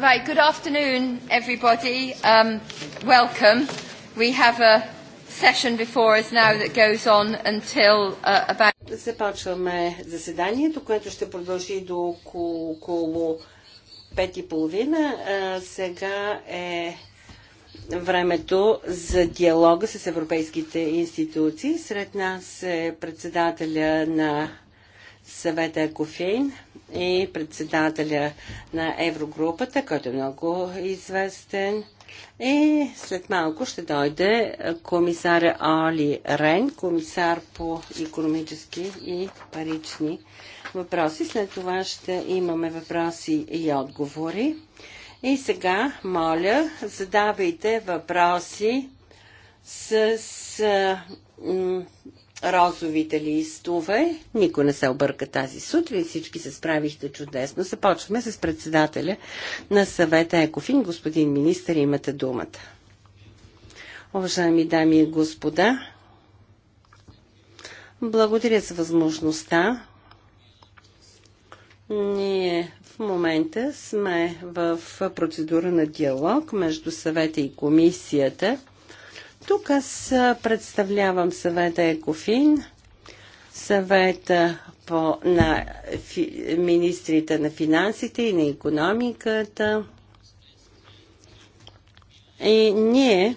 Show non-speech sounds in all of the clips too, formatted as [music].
Right, good afternoon, everybody. Um, welcome. We have a session before us now that goes on until uh, about... Започваме заседанието, което ще продължи до около, около 5.30. Сега е времето за диалога с европейските институции. Сред нас е председателя на съвета Екофейн, и председателя на Еврогрупата, който е много известен. И след малко ще дойде комисаря Оли Рен, комисар по економически и парични въпроси. След това ще имаме въпроси и отговори. И сега, моля, задавайте въпроси с розовите листове. Никой не се обърка тази сутрин, всички се справихте чудесно. Започваме с председателя на съвета Екофин, господин министър, имате думата. Уважаеми дами и господа, благодаря за възможността. Ние в момента сме в процедура на диалог между съвета и комисията тук аз представлявам съвета Екофин, съвета по, на фи, министрите на финансите и на економиката. И ние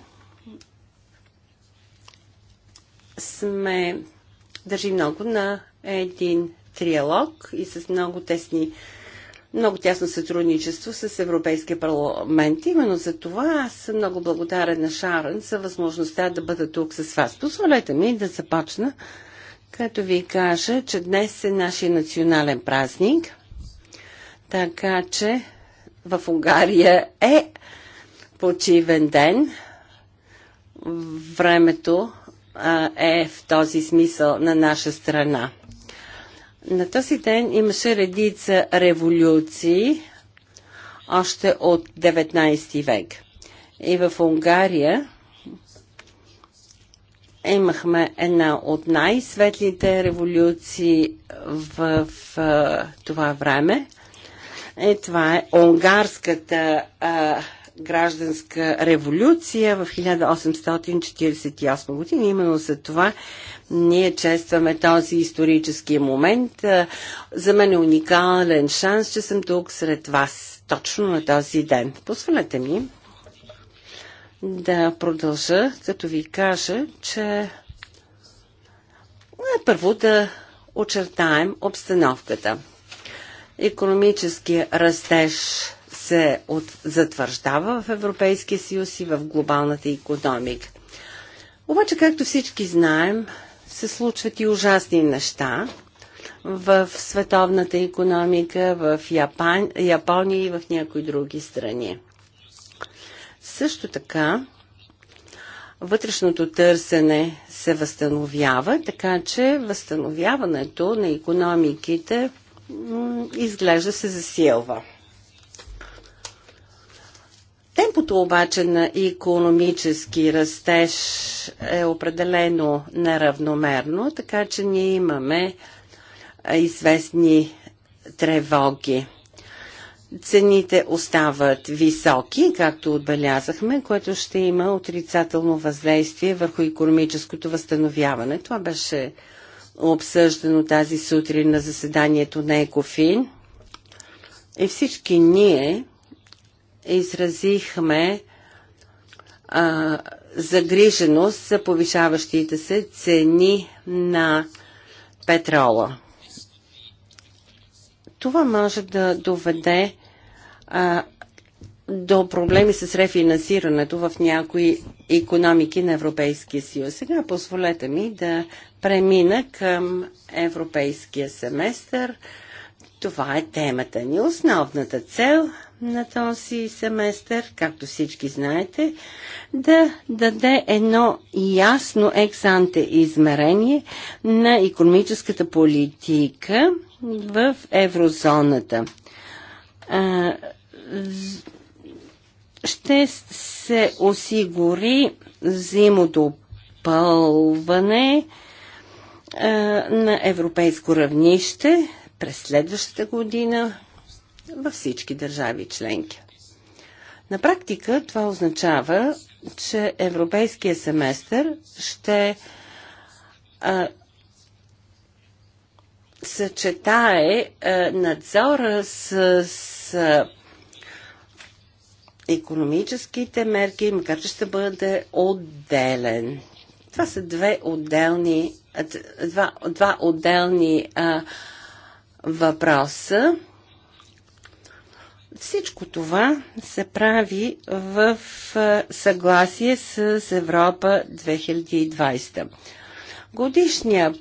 сме държи много на един триалог и с много тесни много тясно сътрудничество с Европейския парламент. Именно за това аз съм много благодарен на Шарен за възможността да бъда тук с вас. Позволете ми да започна, като ви кажа, че днес е нашия национален празник, така че в Унгария е почивен ден. Времето а, е в този смисъл на наша страна. На този ден имаше редица революции още от 19 век. И в Унгария имахме една от най-светлите революции в, в това време. И това е унгарската а, гражданска революция в 1848 година. Именно за това ние честваме този исторически момент. За мен е уникален шанс, че съм тук сред вас точно на този ден. Позволете ми да продължа, като ви кажа, че е, първо да очертаем обстановката. економическия растеж се от, затвърждава в Европейския съюз и в глобалната економика. Обаче, както всички знаем, се случват и ужасни неща в световната економика, в Япан, Япония и в някои други страни. Също така, вътрешното търсене се възстановява, така че възстановяването на економиките изглежда се засилва. Темпото обаче на економически растеж е определено неравномерно, така че ние имаме известни тревоги. Цените остават високи, както отбелязахме, което ще има отрицателно въздействие върху економическото възстановяване. Това беше обсъждано тази сутрин на заседанието на Екофин. И всички ние изразихме а, загриженост за повишаващите се цени на петрола. Това може да доведе а, до проблеми с рефинансирането в някои економики на Европейския съюз. Сега позволете ми да премина към Европейския семестър. Това е темата ни. Основната цел на този семестър, както всички знаете, да даде едно ясно ексанте измерение на економическата политика в еврозоната. Ще се осигури взаимодопълване на европейско равнище през следващата година във всички държави членки. На практика това означава, че европейския семестър ще а, съчетае а, надзора с, с економическите мерки, макар че ще бъде отделен. Това са две отделни, два, два отделни а, въпроса. Всичко това се прави в съгласие с Европа 2020. Годишният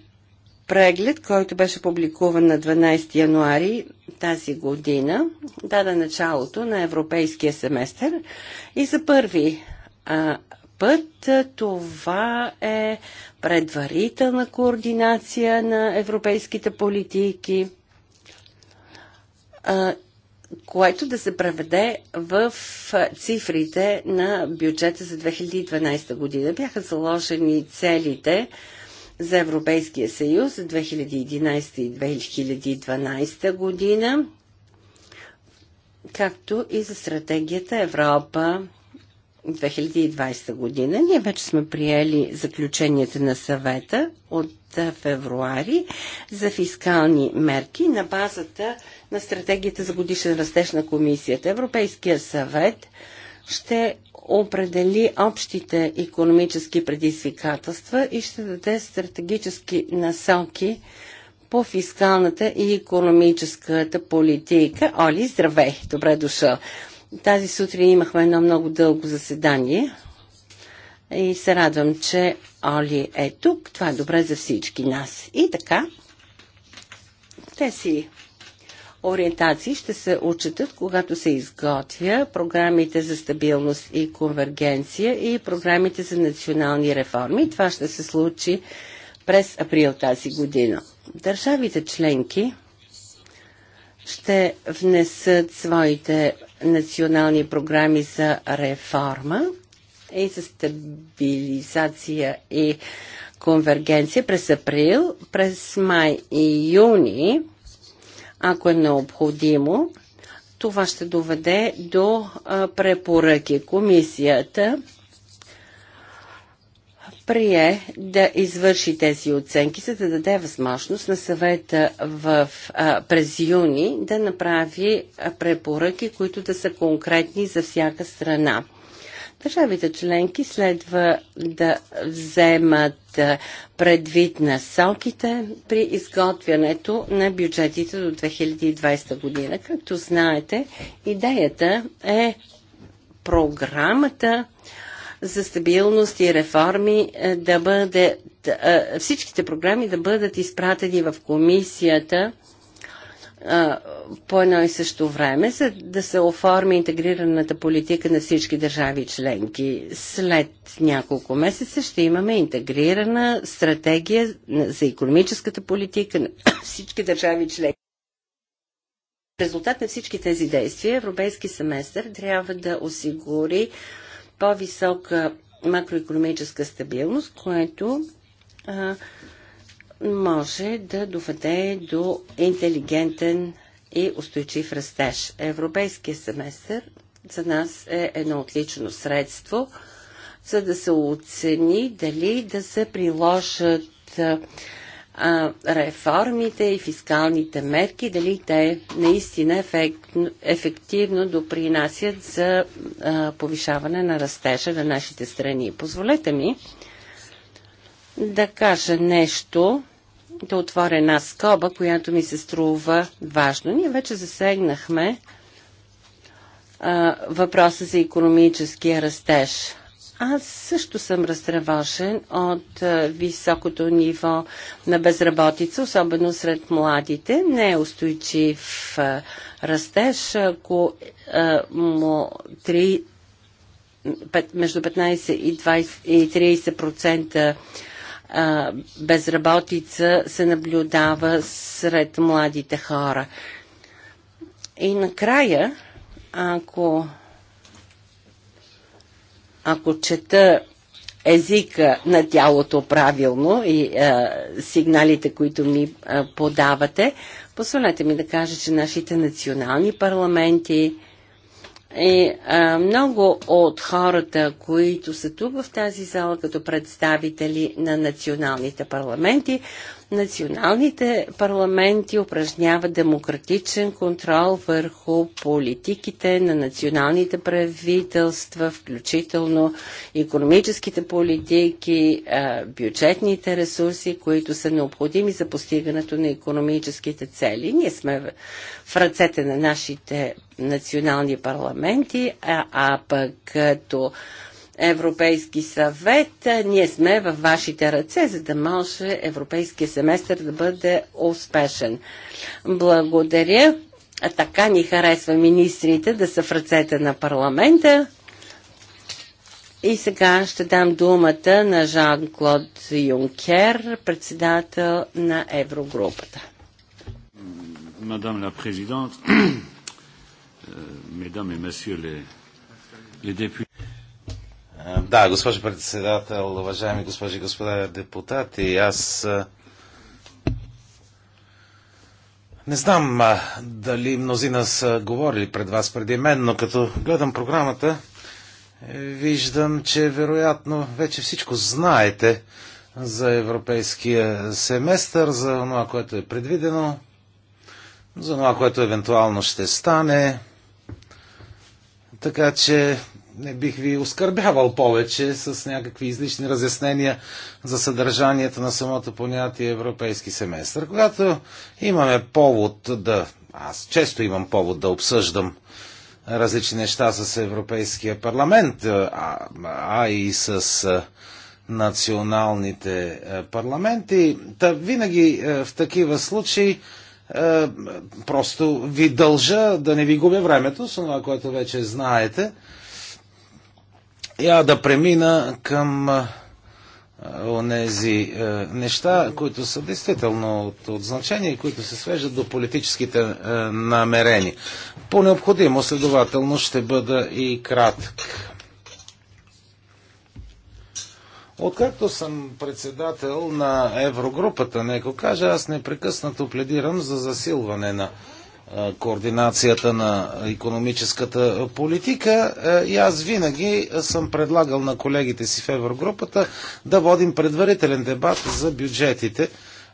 преглед, който беше публикуван на 12 януари тази година, даде началото на европейския семестър и за първи а, път това е предварителна координация на европейските политики а, което да се преведе в цифрите на бюджета за 2012 година. Бяха заложени целите за Европейския съюз за 2011 и 2012 година, както и за стратегията Европа 2020 година. Ние вече сме приели заключенията на съвета от февруари за фискални мерки на базата на стратегията за годишен растеж на комисията. Европейския съвет ще определи общите економически предизвикателства и ще даде стратегически насоки по фискалната и економическата политика. Оли, здравей! Добре дошъл! Тази сутрин имахме едно много дълго заседание и се радвам, че Оли е тук. Това е добре за всички нас. И така, те си ориентации ще се отчитат, когато се изготвя програмите за стабилност и конвергенция и програмите за национални реформи. Това ще се случи през април тази година. Държавите членки ще внесат своите национални програми за реформа и за стабилизация и конвергенция през април, през май и юни ако е необходимо. Това ще доведе до препоръки. Комисията прие да извърши тези оценки, за да даде възможност на съвета в, а, през юни да направи препоръки, които да са конкретни за всяка страна. Държавите членки следва да вземат предвид насоките при изготвянето на бюджетите до 2020 година. Както знаете, идеята е програмата за стабилност и реформи да бъде всичките програми да бъдат изпратени в комисията по едно и също време, за да се оформи интегрираната политика на всички държави членки. След няколко месеца ще имаме интегрирана стратегия за економическата политика на [coughs] всички държави членки. резултат на всички тези действия Европейски семестър трябва да осигури по-висока макроекономическа стабилност, което а, може да доведе до интелигентен и устойчив растеж. Европейския семестър за нас е едно отлично средство, за да се оцени дали да се приложат реформите и фискалните мерки, дали те наистина ефективно допринасят за повишаване на растежа на нашите страни. Позволете ми да кажа нещо да отворя една скоба, която ми се струва важно. Ние вече засегнахме а, въпроса за економическия растеж. Аз също съм разтревожен от а, високото ниво на безработица, особено сред младите. Не е устойчив а, растеж, ако а, му 3, между 15 и, 20, и 30% безработица се наблюдава сред младите хора. И накрая, ако, ако чета езика на тялото правилно и а, сигналите, които ми а, подавате, позволете ми да кажа, че нашите национални парламенти, и е, а, много от хората, които са тук в тази зала като представители на националните парламенти, националните парламенти упражняват демократичен контрол върху политиките на националните правителства, включително економическите политики, бюджетните ресурси, които са необходими за постигането на економическите цели. Ние сме в ръцете на нашите национални парламенти, а, а пък като Европейски съвет. Ние сме във вашите ръце, за да може европейския семестър да бъде успешен. Благодаря. А така ни харесва министрите да са в ръцете на парламента. И сега ще дам думата на Жан-Клод Юнкер, председател на Еврогрупата. Мадам ла президент, мадам [coughs] и messieurs ле les да, госпожо председател, уважаеми госпожи и господа депутати, аз не знам дали мнозина са говорили пред вас преди мен, но като гледам програмата, е, виждам, че вероятно вече всичко знаете за европейския семестър, за това, което е предвидено, за това, което евентуално ще стане. Така че не бих ви оскърбявал повече с някакви излишни разяснения за съдържанието на самото понятие европейски семестър. Когато имаме повод да. Аз често имам повод да обсъждам различни неща с Европейския парламент, а, а и с националните парламенти. Та винаги в такива случаи просто ви дължа да не ви губя времето с това, което вече знаете я да премина към онези е, неща, които са действително от, от значение и които се свеждат до политическите е, намерения. По необходимо, следователно, ще бъда и кратък. Откакто съм председател на Еврогрупата, неко кажа, аз непрекъснато пледирам за засилване на координацията на економическата политика и аз винаги съм предлагал на колегите си в Еврогрупата да водим предварителен дебат за бюджетите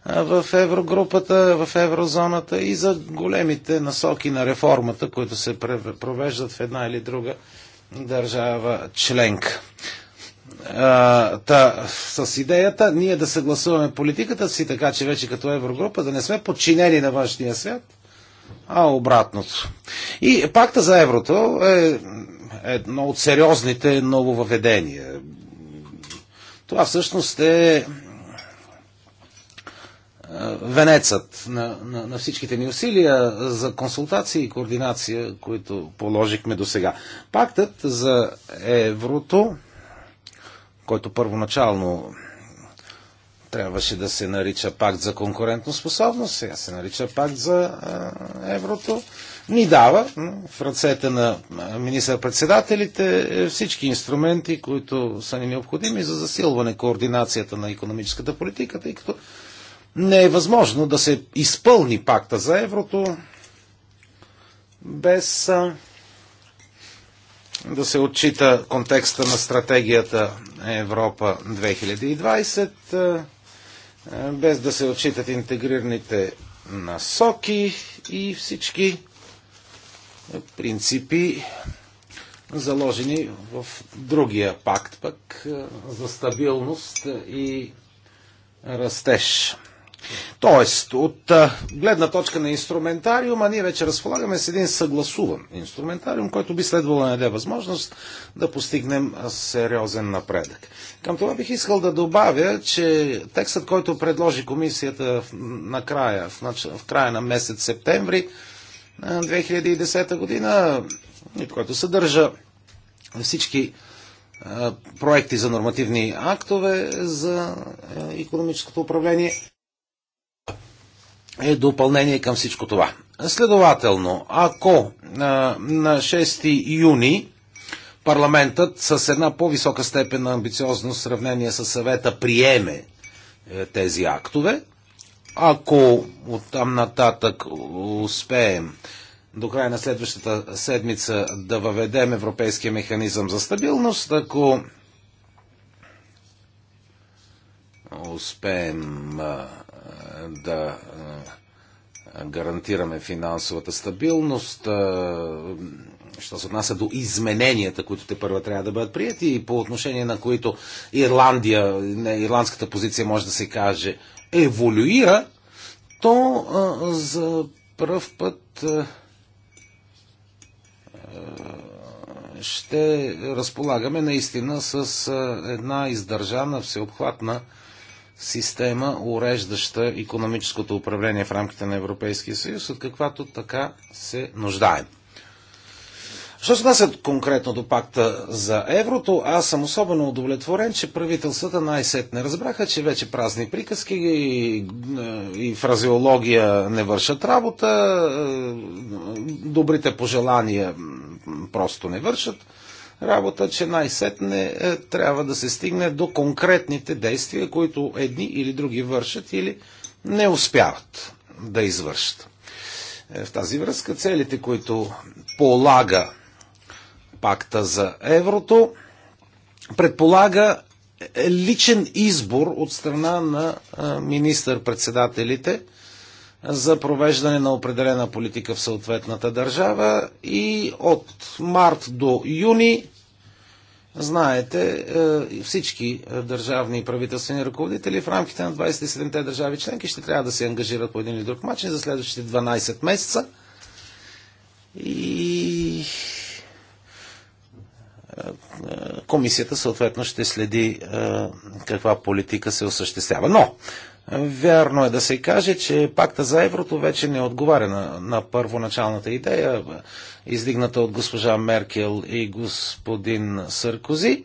в Еврогрупата, в Еврозоната и за големите насоки на реформата, които се провеждат в една или друга държава членка. Та, с идеята ние да съгласуваме политиката си, така че вече като Еврогрупа да не сме подчинени на външния свят – а обратното. И пакта за еврото е едно от сериозните нововъведения. Това всъщност е, е венецът на, на, на всичките ни усилия за консултации и координация, които положихме до сега. Пактът за еврото, който първоначално Трябваше да се нарича пакт за конкурентоспособност, сега се нарича пакт за еврото. Ни дава в ръцете на министър-председателите е всички инструменти, които са ни необходими за засилване координацията на економическата политика, тъй като не е възможно да се изпълни пакта за еврото без да се отчита контекста на стратегията Европа 2020 е, без да се отчитат интегрираните насоки и всички е, принципи, заложени в другия пакт пък е, за стабилност и растеж. Тоест, от гледна точка на инструментариума, ние вече разполагаме с един съгласуван инструментариум, който би следвало да даде възможност да постигнем сериозен напредък. Към това бих искал да добавя, че текстът, който предложи комисията на края, в края на месец септември 2010 година, който съдържа всички проекти за нормативни актове за економическото управление, е допълнение към всичко това. Следователно, ако на 6 юни парламентът с една по-висока степен на амбициозност в сравнение с съвета приеме е, тези актове, ако от там нататък успеем до края на следващата седмица да въведем Европейския механизъм за стабилност, ако успеем да гарантираме финансовата стабилност. Що се отнася до измененията, които те първа трябва да бъдат прияти и по отношение на които Ирландия, не, ирландската позиция може да се каже еволюира, то а, за първ път а, ще разполагаме наистина с а, една издържана, всеобхватна а, система, уреждаща економическото управление в рамките на Европейския съюз, от каквато така се нуждаем. Що се отнасят конкретно до пакта за еврото, аз съм особено удовлетворен, че правителствата най-сетне разбраха, че вече празни приказки и, е, и фразеология не вършат работа, е, добрите пожелания просто не вършат работа, че най-сетне е, трябва да се стигне до конкретните действия, които едни или други вършат или не успяват да извършат. Е, в тази връзка целите, които полага пакта за еврото, предполага личен избор от страна на е, министър-председателите – за провеждане на определена политика в съответната държава и от март до юни Знаете, е, всички държавни и правителствени ръководители в рамките на 27-те държави членки ще трябва да се ангажират по един или друг начин за следващите 12 месеца. И е, е, комисията съответно ще следи каква политика се осъществява. Но Вярно е да се каже, че пакта за еврото вече не отговаря на, на първоначалната идея, издигната от госпожа Меркел и господин Съркози. Е,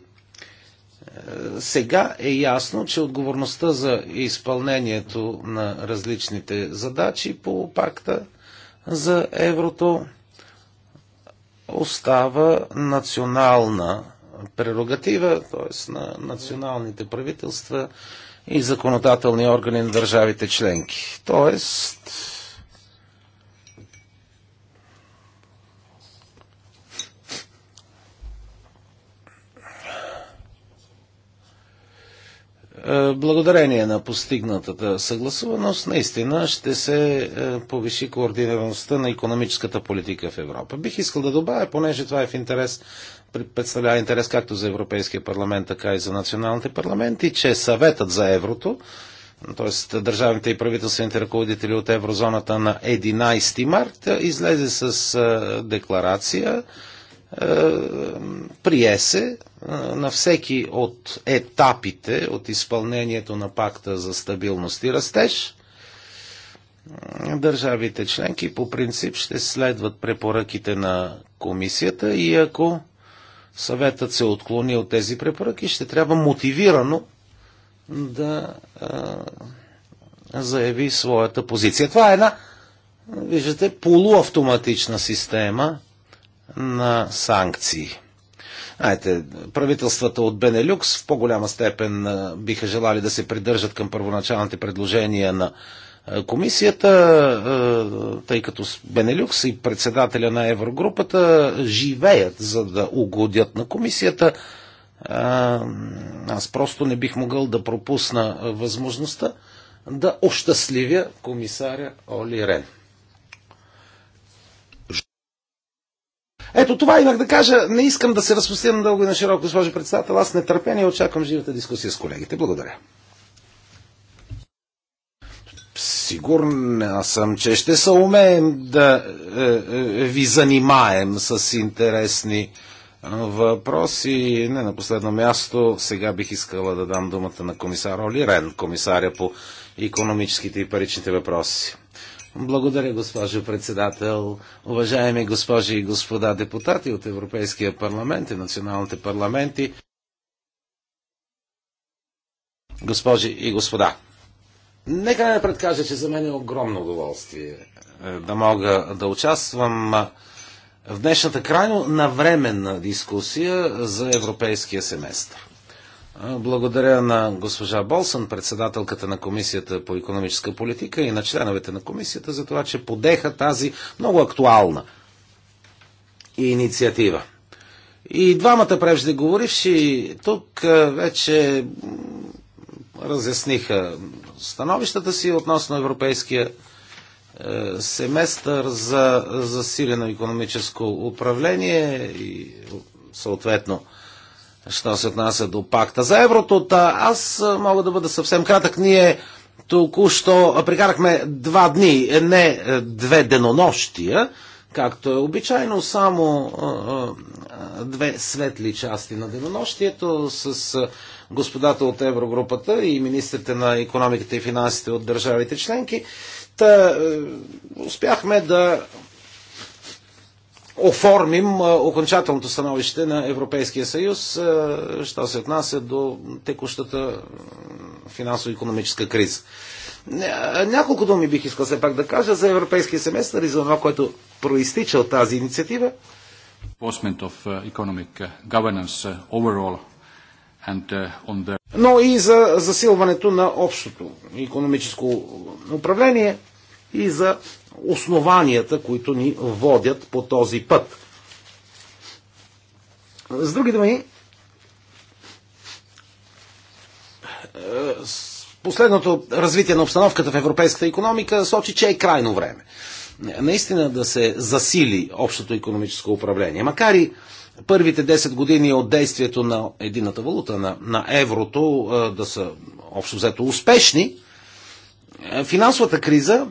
сега е ясно, че отговорността за изпълнението на различните задачи по пакта за еврото остава национална прерогатива, т.е. на националните правителства и законодателни органи на държавите членки. Тоест, Е, благодарение на постигнатата съгласуваност, наистина ще се е, повиши координираността на економическата политика в Европа. Бих искал да добавя, понеже това е в интерес, представлява интерес както за Европейския парламент, така и за националните парламенти, че съветът за еврото, т.е. държавните и правителствените ръководители от еврозоната на 11 март, излезе с е, декларация, е, прие се е, на всеки от етапите от изпълнението на пакта за стабилност и растеж. Е, държавите членки по принцип ще следват препоръките на комисията и ако съветът се отклони от тези препоръки, ще трябва мотивирано да а, заяви своята позиция. Това е една, виждате, полуавтоматична система – на санкции. Знаете, правителствата от Бенелюкс в по-голяма степен биха желали да се придържат към първоначалните предложения на комисията, тъй като Бенелюкс и председателя на Еврогрупата живеят за да угодят на комисията. Аз просто не бих могъл да пропусна възможността да ощастливя комисаря Оли Рен. Ето това имах да кажа. Не искам да се разпустим дълго и на широко, госпожо председател. Аз нетърпение очаквам живата дискусия с колегите. Благодаря. Сигурна съм, че ще се умеем да е, е, ви занимаем с интересни е, въпроси. Не на последно място, сега бих искала да дам думата на комисар Оли Рен, комисаря по економическите и паричните въпроси. Благодаря, госпожо председател. Уважаеми госпожи и господа депутати от Европейския парламент и националните парламенти, госпожи и господа. Нека не предкажа, че за мен е огромно удоволствие е, да мога да участвам в днешната крайно навременна дискусия за европейския семестър. Благодаря на госпожа Болсън, председателката на Комисията по економическа политика и на членовете на Комисията за това, че подеха тази много актуална инициатива. И двамата преждеговоривши тук вече разясниха становищата си относно европейския е, семестър за засилено економическо управление и съответно що се отнася до пакта за еврото. Та аз мога да бъда съвсем кратък. Ние току-що прекарахме два дни, е, не е, две денонощия, както е обичайно, само две светли части на денонощието с господата от Еврогрупата и министрите на економиката и финансите от държавите членки. Та, е, успяхме да оформим окончателното становище на Европейския съюз, що се отнася до текущата финансово-економическа криза. Няколко думи бих искал все пак да кажа за Европейския семестър и за това, което проистича от тази инициатива. Но и за засилването на общото економическо управление и за основанията, които ни водят по този път. С други думи, е, последното развитие на обстановката в европейската економика сочи, че е крайно време. Наистина да се засили общото економическо управление. Макар и първите 10 години от действието на едината валута, на, на еврото, е, да са общо взето успешни, е, финансовата криза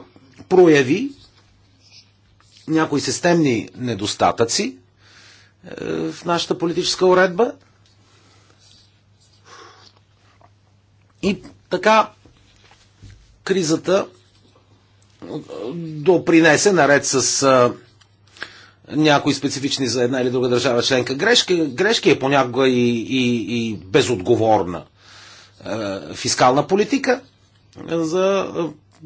прояви някои системни недостатъци е, в нашата политическа уредба и така кризата е, допринесе наред с е, някои специфични за една или друга държава членка грешки, грешки е понякога и, и, и безотговорна фискална политика за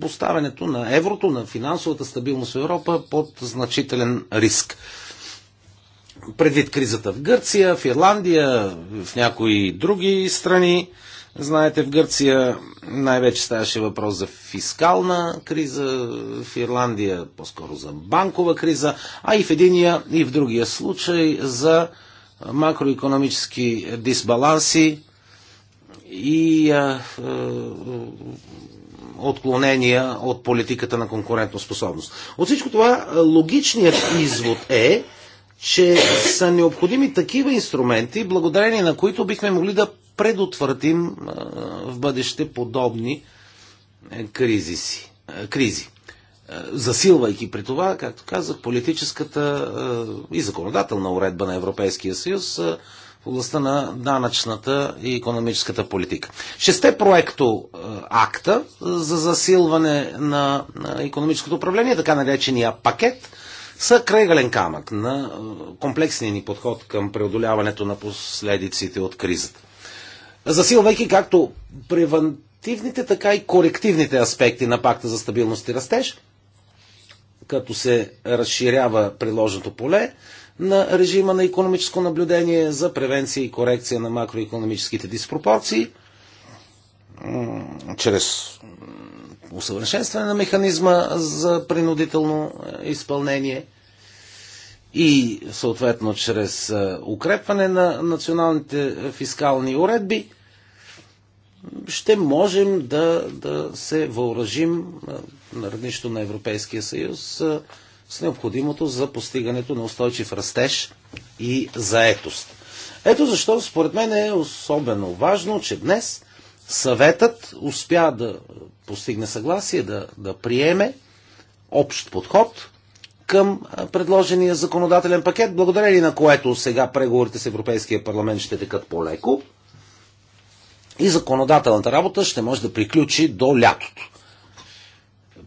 поставянето на еврото, на финансовата стабилност в Европа под значителен риск. Предвид кризата в Гърция, в Ирландия, в някои други страни, знаете, в Гърция най-вече ставаше въпрос за фискална криза, в Ирландия по-скоро за банкова криза, а и в единия и в другия случай за макроекономически дисбаланси и а, а, отклонения от политиката на конкурентоспособност. От всичко това логичният извод е, че са необходими такива инструменти, благодарение на които бихме могли да предотвратим в бъдеще подобни кризиси, е, кризи. Е, е, засилвайки при това, както казах, политическата и законодателна уредба на Европейския съюз областта на данъчната и економическата политика. Шесте проекто е, акта е, за засилване на економическото управление, така наречения пакет, са крайгален камък на е, комплексния ни подход към преодоляването на последиците от кризата. Засилвайки както превентивните, така и корективните аспекти на пакта за стабилност и растеж, като се разширява приложното поле на режима на економическо наблюдение за превенция и корекция на макроекономическите диспропорции чрез усъвършенстване на механизма за принудително е, изпълнение и съответно чрез е, укрепване на националните е, фискални уредби ще можем да, да се въоръжим на равнището на Европейския съюз с необходимото за постигането на устойчив растеж и заетост. Ето защо според мен е особено важно, че днес съветът успя да постигне съгласие, да, да приеме общ подход към предложения законодателен пакет, благодарение на което сега преговорите с Европейския парламент ще текат по-леко и законодателната работа ще може да приключи до лятото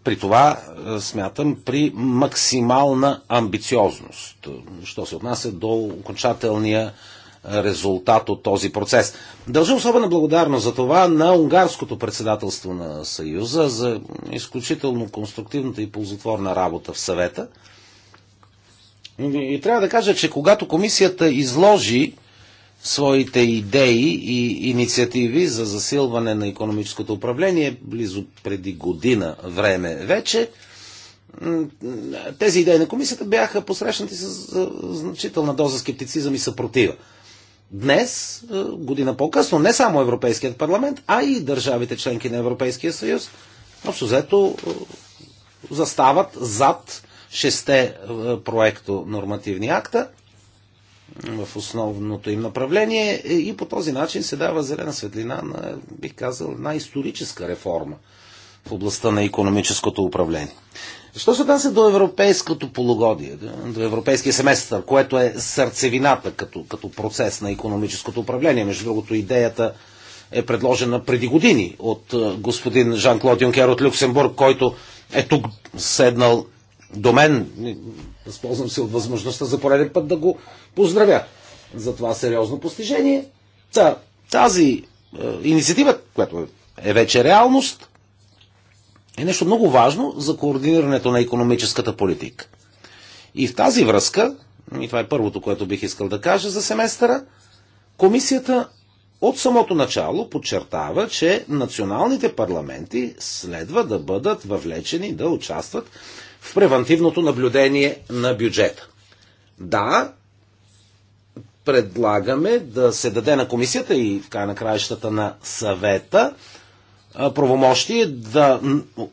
при това е, смятам при максимална амбициозност, е, що се отнася до окончателния резултат от този процес. Дължа особена благодарност за това на унгарското председателство на Съюза за изключително конструктивната и ползотворна работа в съвета. И трябва да кажа, че когато комисията изложи своите идеи и инициативи за засилване на економическото управление близо преди година време вече. Тези идеи на комисията бяха посрещнати с значителна доза скептицизъм и съпротива. Днес, е, година по-късно, не само Европейският парламент, а и държавите членки на Европейския съюз, общо взето е, застават зад шесте е, проекто нормативни акта – в основното им направление и по този начин се дава зелена светлина на, бих казал, една историческа реформа в областта на економическото управление. Що се отнася до европейското полугодие, до европейския семестър, което е сърцевината като, като процес на економическото управление, между другото идеята е предложена преди години от господин Жан-Клод Юнкер от Люксембург, който е тук седнал до мен. Възползвам се от възможността за пореден път да го поздравя за това сериозно постижение. Та, тази е, инициатива, която е вече реалност, е нещо много важно за координирането на економическата политика. И в тази връзка, и това е първото, което бих искал да кажа за семестъра, комисията от самото начало подчертава, че националните парламенти следва да бъдат въвлечени да участват в превантивното наблюдение на бюджета. Да, предлагаме да се даде на комисията и в край на краищата на съвета правомощие да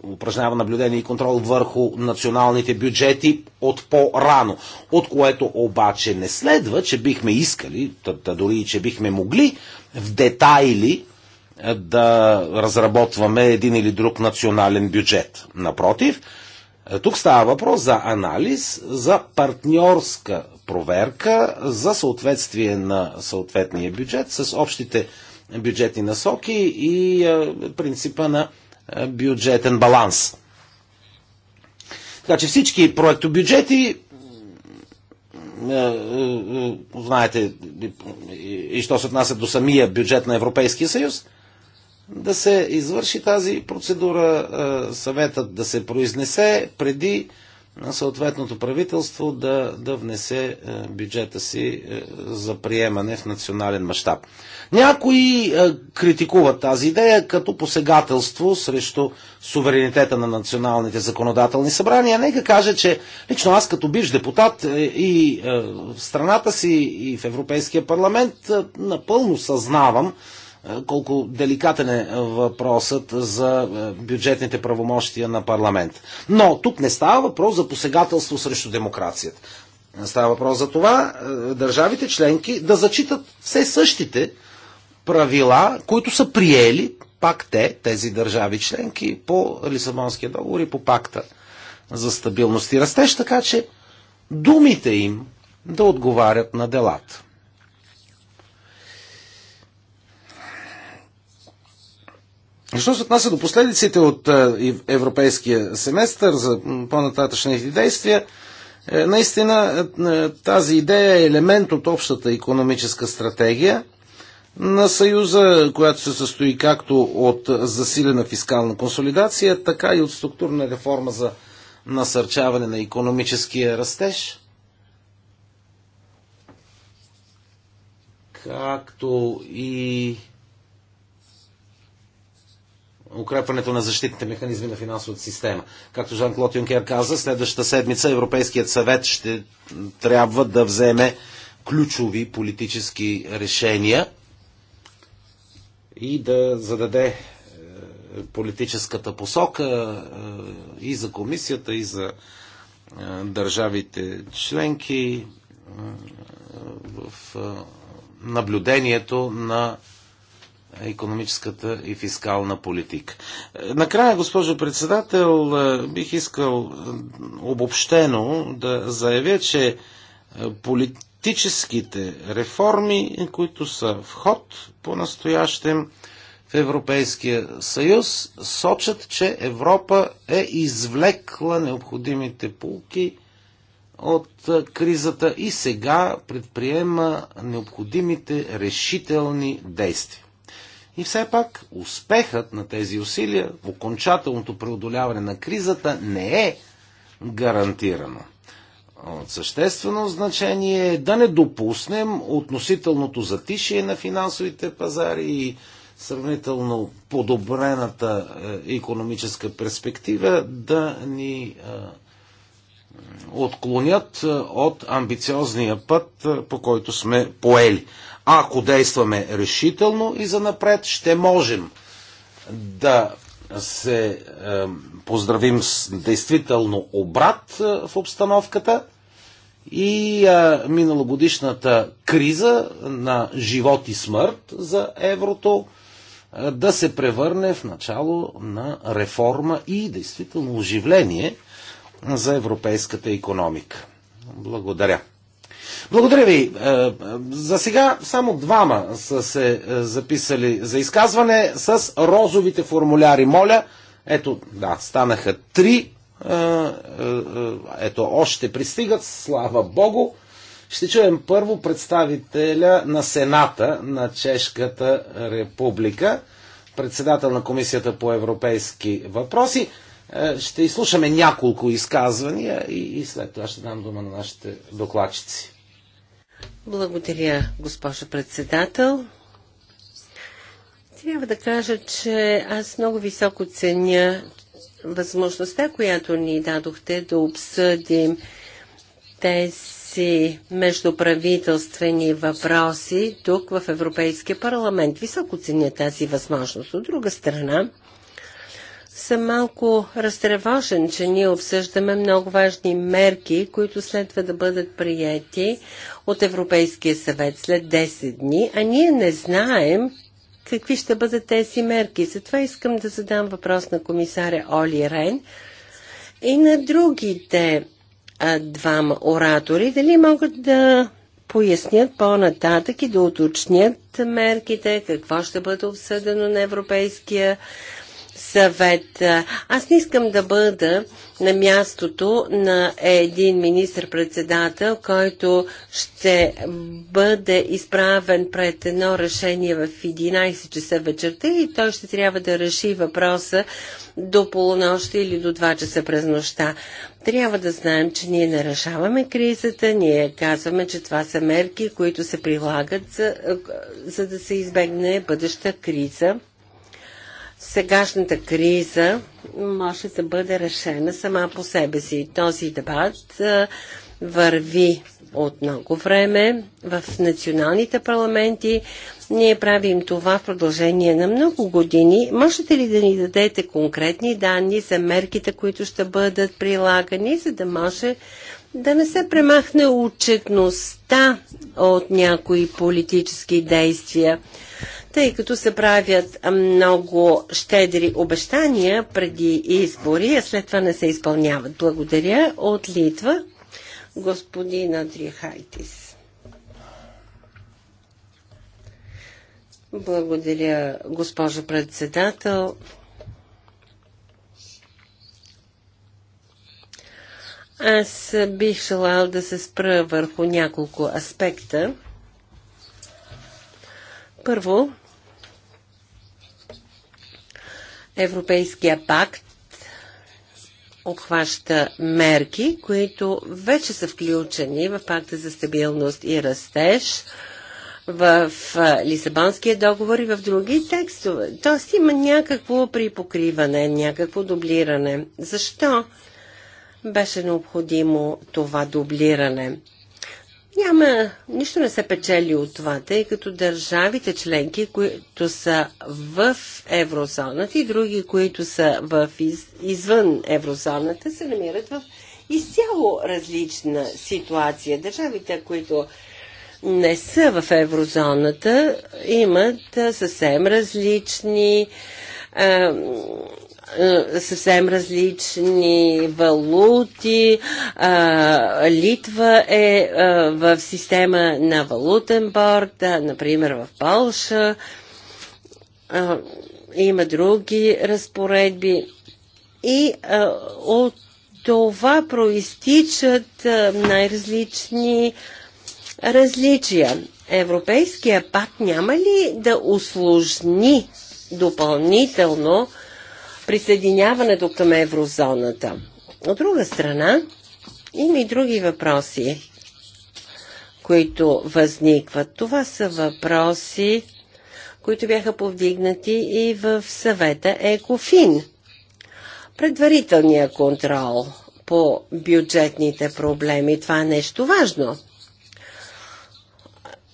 упражнява наблюдение и контрол върху националните бюджети от по-рано. От което обаче не следва, че бихме искали, да дори и че бихме могли в детайли да разработваме един или друг национален бюджет. Напротив, е, тук става въпрос за анализ, за партньорска проверка, за съответствие на съответния бюджет с общите бюджетни насоки и е, принципа на е, бюджетен баланс. Така че всички проектобюджети знаете и що се отнася до самия бюджет на Европейския съюз, да се извърши тази процедура, е, съветът да се произнесе преди е, съответното правителство да, да внесе е, бюджета си за приемане в национален мащаб. Някои критикуват тази идея като посегателство срещу суверенитета на националните законодателни събрания. Нека кажа, че лично аз като бивш депутат и в страната си и в Европейския парламент напълно съзнавам, колко деликатен е въпросът за бюджетните правомощия на парламент. Но тук не става въпрос за посегателство срещу демокрацията. Става въпрос за това държавите членки да зачитат все същите правила, които са приели пак те, тези държави членки, по Лисабонския договор и по пакта за стабилност и растеж, така че думите им да отговарят на делата. Що се отнася до последиците от е, европейския семестър за по-нататъчните действия, е, наистина е, тази идея е елемент от общата економическа стратегия на Съюза, която се състои както от засилена фискална консолидация, така и от структурна реформа за насърчаване на економическия растеж. Както и укрепването на защитните механизми на финансовата система. Както Жан-Клод Юнкер каза, следващата седмица Европейският съвет ще трябва да вземе ключови политически решения и да зададе е, политическата посока е, и за комисията, и за е, държавите членки в наблюдението на економическата и фискална политика. Е, накрая, госпожо председател, е, бих искал е, обобщено да заявя, че политическите реформи, които са в ход по-настоящем в Европейския съюз, сочат, че Европа е извлекла необходимите полки от кризата и сега предприема необходимите решителни действия. И все пак успехът на тези усилия в окончателното преодоляване на кризата не е гарантирано. От съществено значение е да не допуснем относителното затишие на финансовите пазари и сравнително подобрената економическа перспектива да ни е, отклонят е, от амбициозния път, е, по който сме поели. Ако действаме решително и за напред, ще можем да се е, поздравим с действително обрат е, в обстановката и е, миналогодишната криза на живот и смърт за еврото е, да се превърне в начало на реформа и действително оживление за европейската економика. Благодаря. Благодаря ви. Е, е, за сега само двама са се е, записали за изказване с розовите формуляри. Моля, ето, да, станаха три. Ето, още пристигат, слава Богу. Ще чуем първо представителя на Сената на Чешката република, председател на Комисията по европейски въпроси. Ще изслушаме няколко изказвания и, след това ще дам дума на нашите докладчици. Благодаря, госпожо председател. Трябва да кажа, че аз много високо ценя възможността, която ни дадохте да обсъдим тези междуправителствени въпроси тук в Европейския парламент. Високо ценя тази възможност. От друга страна, съм малко разтревожен, че ние обсъждаме много важни мерки, които следва да бъдат прияти от Европейския съвет след 10 дни, а ние не знаем какви ще бъдат тези мерки. Затова искам да задам въпрос на комисаря Оли Рен и на другите а, двама оратори, дали могат да пояснят по-нататък и да уточнят мерките, какво ще бъде обсъдено на Европейския съвет съвет. Аз не искам да бъда на мястото на един министр-председател, който ще бъде изправен пред едно решение в 11 часа вечерта и той ще трябва да реши въпроса до полунощ или до 2 часа през нощта. Трябва да знаем, че ние не решаваме кризата, ние казваме, че това са мерки, които се прилагат за, за да се избегне бъдеща криза сегашната криза може да бъде решена сама по себе си. Този дебат върви от много време в националните парламенти. Ние правим това в продължение на много години. Можете ли да ни дадете конкретни данни за мерките, които ще бъдат прилагани, за да може да не се премахне отчетността от някои политически действия? тъй като се правят много щедри обещания преди избори, а след това не се изпълняват. Благодаря от Литва, господин Адрихайтис. Благодаря, госпожо председател. Аз бих желал да се спра върху няколко аспекта. Първо, Европейския пакт обхваща мерки, които вече са включени в пакта за стабилност и растеж, в Лисабонския договор и в други текстове. Тоест има някакво припокриване, някакво дублиране. Защо беше необходимо това дублиране? Няма, нищо не се печели от това, тъй като държавите членки, които са в еврозоната и други, които са в из, извън еврозоната, се намират в изцяло различна ситуация. Държавите, които не са в еврозоната, имат съвсем различни е, е, съвсем различни валути. Литва е, е в система на валутен борт, например в Полша. Има други разпоредби. И от това проистичат най-различни различия. Европейския пакт няма ли да усложни допълнително присъединяването към еврозоната. От друга страна, има и други въпроси, които възникват. Това са въпроси, които бяха повдигнати и в съвета ЕКОФИН. Предварителния контрол по бюджетните проблеми. Това е нещо важно.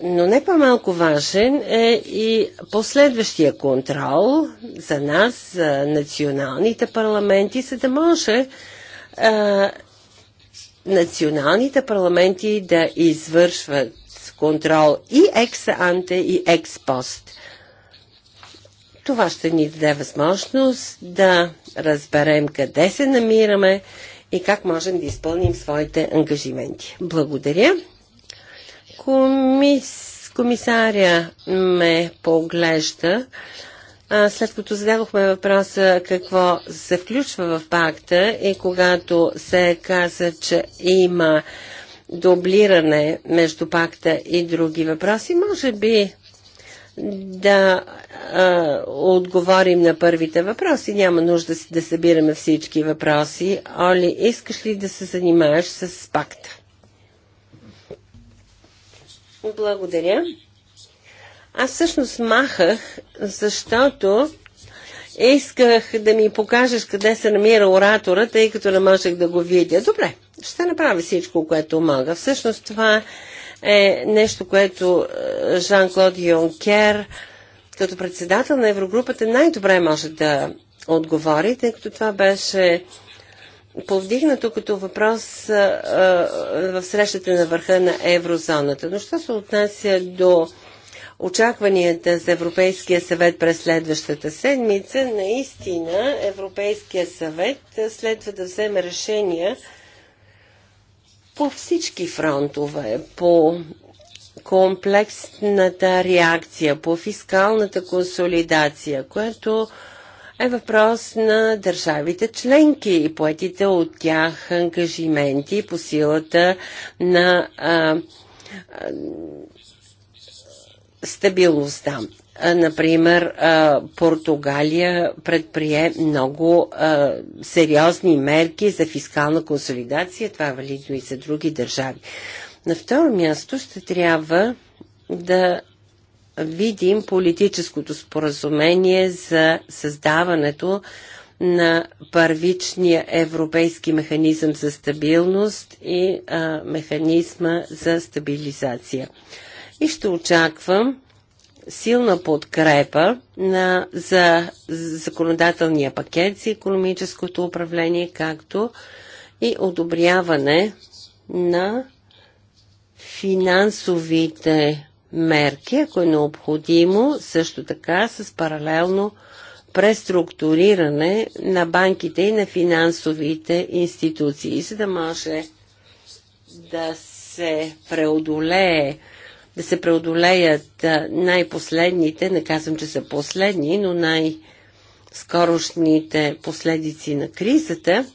Но не по-малко важен е и последващия контрол за нас, за националните парламенти, за да може а, националните парламенти да извършват контрол и екс-анте, и екс-пост. Това ще ни даде възможност да разберем къде се намираме и как можем да изпълним своите ангажименти. Благодаря. Комис, комисаря ме поглежда. След като зададохме въпроса какво се включва в пакта и когато се каза, че има дублиране между пакта и други въпроси, може би да а, отговорим на първите въпроси. Няма нужда да събираме всички въпроси. Оли, искаш ли да се занимаеш с пакта? Благодаря. Аз всъщност махах, защото исках да ми покажеш къде се намира оратора, тъй като не можех да го видя. Добре, ще направя всичко, което мога. Всъщност това е нещо, което е, Жан-Клод Юнкер като председател на Еврогрупата най-добре може да отговори, тъй като това беше повдигнато като въпрос в срещата на върха на еврозоната. Но що се отнася до очакванията за Европейския съвет през следващата седмица, наистина Европейския съвет следва да вземе решения по всички фронтове, по комплексната реакция, по фискалната консолидация, което е въпрос на държавите членки и поетите от тях ангажименти по силата на а, а, стабилността. Например, Португалия предприе много сериозни мерки за фискална консолидация. Това е валидно и за други държави. На второ място ще трябва да видим политическото споразумение за създаването на първичния европейски механизъм за стабилност и а, механизма за стабилизация. И ще очаквам силна подкрепа на, за, за законодателния пакет за економическото управление, както и одобряване на финансовите мерки, ако е необходимо, също така с паралелно преструктуриране на банките и на финансовите институции, за да може да се преодолее да се преодолеят най-последните, не казвам, че са последни, но най-скорошните последици на кризата –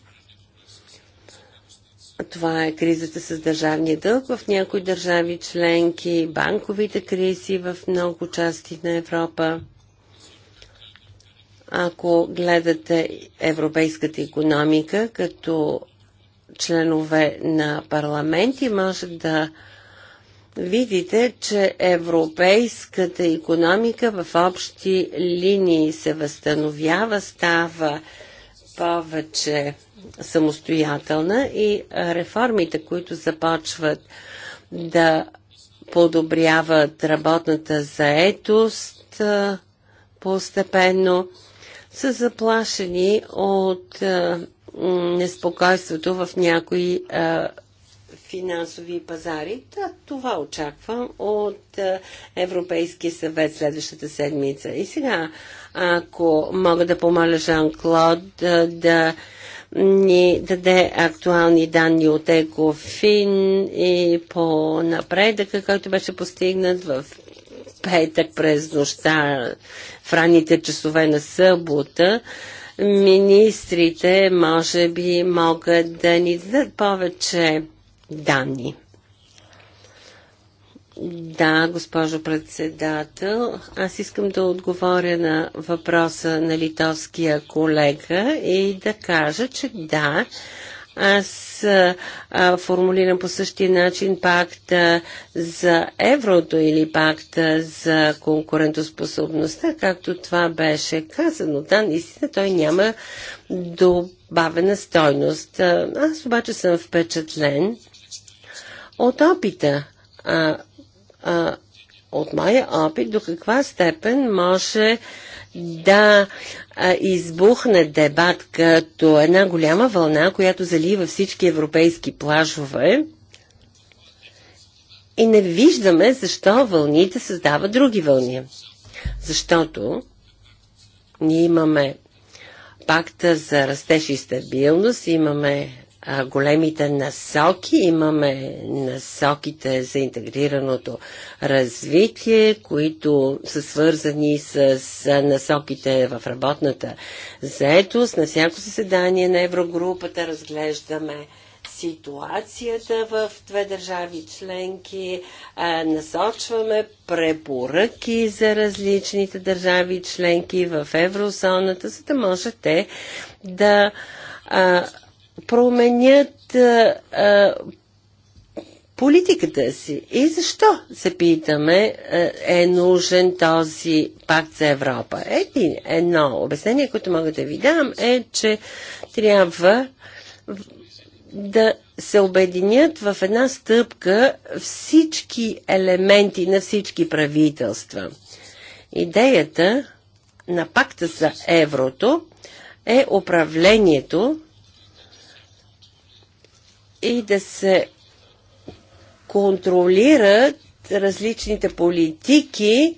това е кризата с държавния дълг в някои държави членки, банковите кризи в много части на Европа. Ако гледате европейската економика като членове на парламенти, може да видите, че европейската економика в общи линии се възстановява, става повече самостоятелна и реформите, които започват да подобряват работната заетост постепенно, са заплашени от неспокойството в някои финансови пазари. Да, това очаквам от Европейския съвет следващата седмица. И сега, ако мога да помоля Жан-Клод да ни даде актуални данни от Екофин и по напредъка, който беше постигнат в петък през нощта, в ранните часове на събота министрите може би могат да ни дадат повече данни. Да, госпожо председател, аз искам да отговоря на въпроса на литовския колега и да кажа, че да, аз а, формулирам по същия начин пакта за еврото или пакта за конкурентоспособността, както това беше казано. Да, наистина той няма добавена стойност. Аз обаче съм впечатлен от опита а, от моя опит до каква степен може да а, избухне дебат като една голяма вълна, която залива всички европейски плажове. И не виждаме защо вълните създават други вълни. Защото ние имаме пакта за растеж и стабилност, имаме големите насоки. Имаме насоките за интегрираното развитие, които са свързани с, насоките в работната заетост. На всяко заседание на Еврогрупата разглеждаме ситуацията в две държави членки, насочваме препоръки за различните държави членки в еврозоната, за да може те да а, променят а, а, политиката си. И защо, се питаме, е нужен този пакт за Европа? Един, едно обяснение, което мога да ви дам, е, че трябва да се обединят в една стъпка всички елементи на всички правителства. Идеята на пакта за еврото е управлението и да се контролират различните политики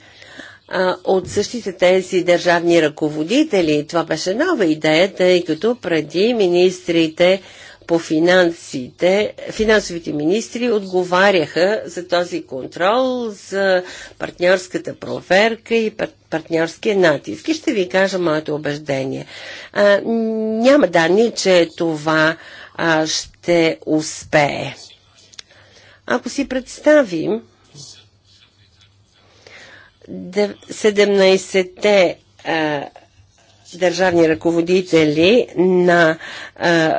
а, от същите тези държавни ръководители. Това беше нова идея, тъй като преди министрите по финансите, финансовите министри отговаряха за този контрол, за партньорската проверка и партньорския натиск. И ще ви кажа моето убеждение. А, няма данни, че това а, а, ще успее. Ако си представим 17-те държавни ръководители на а,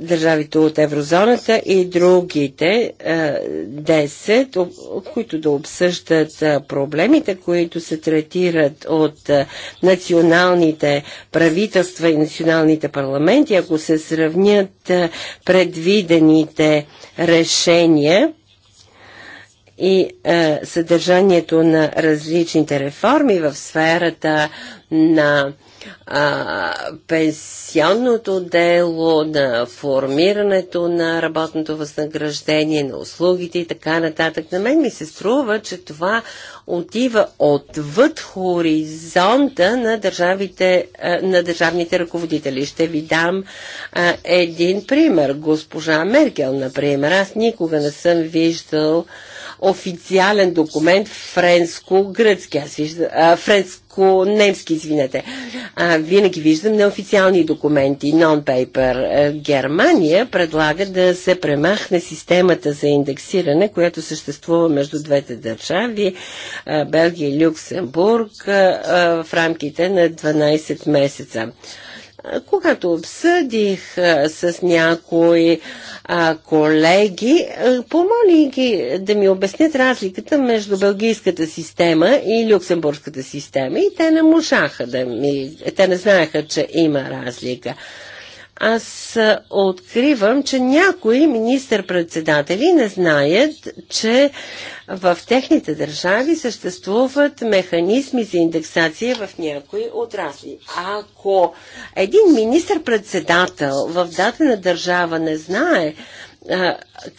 държавите от еврозоната и другите а, 10, от които да обсъждат а, проблемите, които се третират от а, националните правителства и националните парламенти, ако се сравнят а, предвидените решения и е, съдържанието на различните реформи в сферата на а, пенсионното дело, на формирането на работното възнаграждение, на услугите и така нататък. На мен ми се струва, че това отива отвъд хоризонта на, държавите, на държавните ръководители. Ще ви дам а, един пример. Госпожа Меркел, например. Аз никога не съм виждал а, официален документ френско-гръцки, аз виждам, френско-немски, извинете. А, винаги виждам неофициални документи, нон-пейпер. Германия предлага да се премахне системата за индексиране, която съществува между двете държави, Белгия и Люксембург, в рамките на 12 месеца. Когато обсъдих а, с някои а, колеги, помолих ги да ми обяснят разликата между белгийската система и люксембургската система и те не можаха да ми... Те не знаеха, че има разлика аз откривам, че някои министър-председатели не знаят, че в техните държави съществуват механизми за индексация в някои отрасли. Ако един министър-председател в дадена държава не знае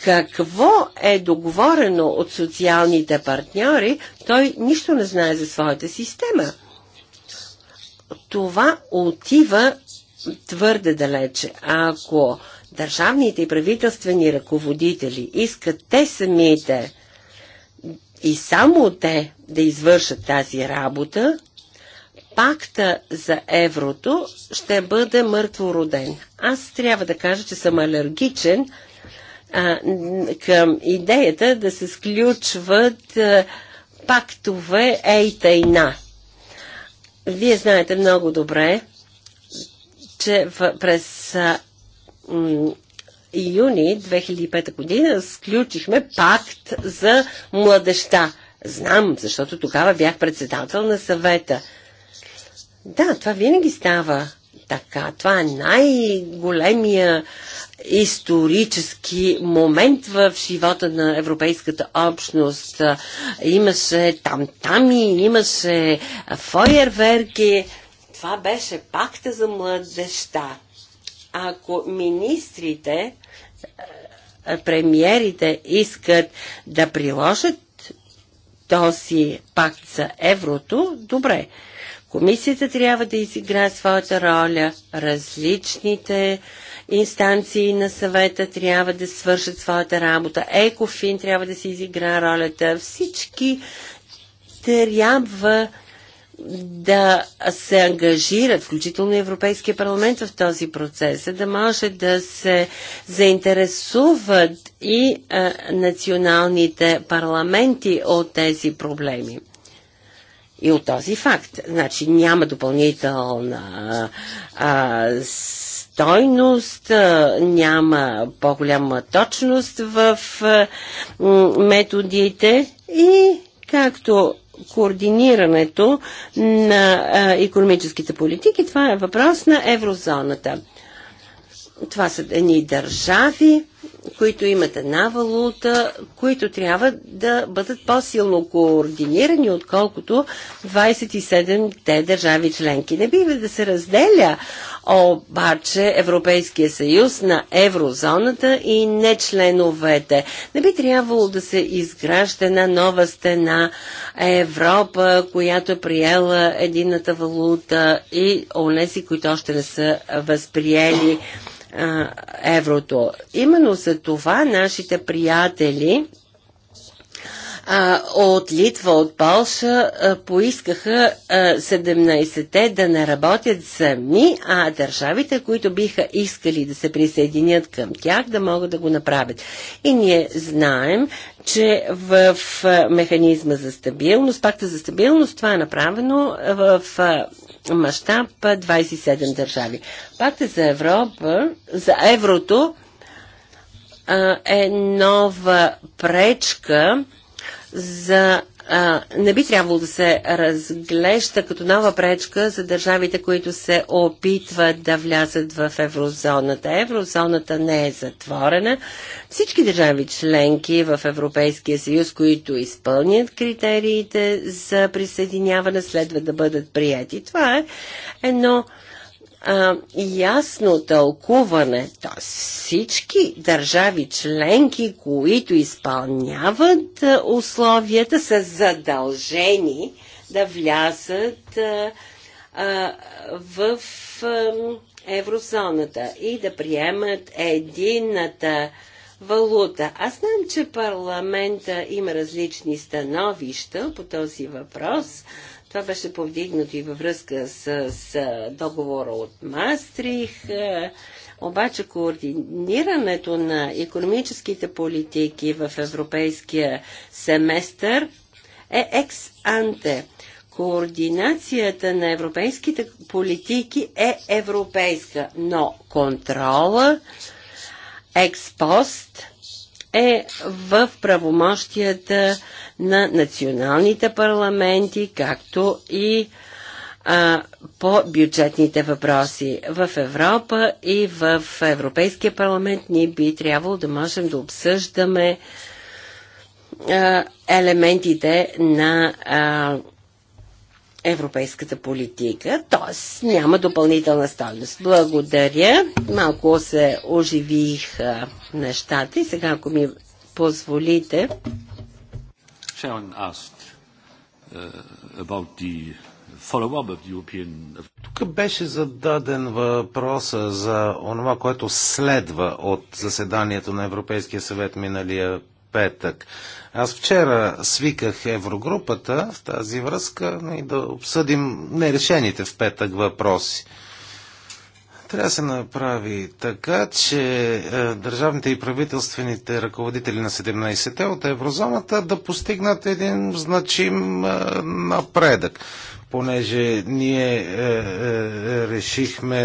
какво е договорено от социалните партньори, той нищо не знае за своята система. Това отива твърде далече. Ако държавните и правителствени ръководители искат те самите и само те да извършат тази работа, пакта за еврото ще бъде мъртвороден. Аз трябва да кажа, че съм алергичен а, към идеята да се сключват а, пактове ейта и на. Вие знаете много добре, че в, през а, м, юни 2005 година сключихме пакт за младеща. Знам, защото тогава бях председател на съвета. Да, това винаги става така. Това е най-големия исторически момент в живота на европейската общност. Имаше там-тами, имаше фойерверки това беше пакта за младеща. Ако министрите, е, премиерите искат да приложат този пакт за еврото, добре. Комисията трябва да изиграе своята роля, различните инстанции на съвета трябва да свършат своята работа, Екофин трябва да си изиграе ролята, всички трябва да се ангажират, включително Европейския парламент в този процес, да може да се заинтересуват и а, националните парламенти от тези проблеми. И от този факт. Значи няма допълнителна а, стойност, няма по-голяма точност в методите и както координирането на економическите политики. Това е въпрос на еврозоната. Това са едни държави, които имат една валута, които трябва да бъдат по-силно координирани, отколкото 27-те държави членки. Не бива да се разделя обаче Европейския съюз на еврозоната и не членовете. Не би трябвало да се изгражда една нова стена Европа, която е приела едината валута и онези, които още не са възприели а, еврото. Именно за това нашите приятели а, от Литва, от Полша поискаха а, 17-те да не работят сами, а държавите, които биха искали да се присъединят към тях, да могат да го направят. И ние знаем, че в механизма за стабилност, пакта за стабилност, това е направено в мащаб 27 държави. Пакта за Европа, за еврото е нова пречка за не би трябвало да се разглежда като нова пречка за държавите, които се опитват да влязат в еврозоната. Еврозоната не е затворена. Всички държави членки в Европейския съюз, които изпълнят критериите за присъединяване, следва да бъдат прияти. Това е едно а, ясно тълкуване, т.е. всички държави членки, които изпълняват условията, са задължени да влязат а, а, в а, еврозоната и да приемат единната валута. Аз знам, че парламента има различни становища по този въпрос, това беше повдигнато и във връзка с, с договора от Мастрих. Е, обаче координирането на економическите политики в европейския семестър е екс-анте. Координацията на европейските политики е европейска, но контрола експост е в правомощията на националните парламенти, както и а, по бюджетните въпроси. В Европа и в Европейския парламент ние би трябвало да можем да обсъждаме а, елементите на а, европейската политика, т.е. няма допълнителна стойност. Благодаря. Малко се оживих нещата и сега, ако ми позволите, Sharon asked uh, about the follow-up of the European... Тук беше зададен въпрос за онова, което следва от заседанието на Европейския съвет миналия петък. Аз вчера свиках Еврогрупата в тази връзка и нали, да обсъдим нерешените в петък въпроси. Трябва да се направи така, че е, държавните и правителствените ръководители на 17-те от еврозоната да постигнат един значим е, напредък, понеже ние е, е, решихме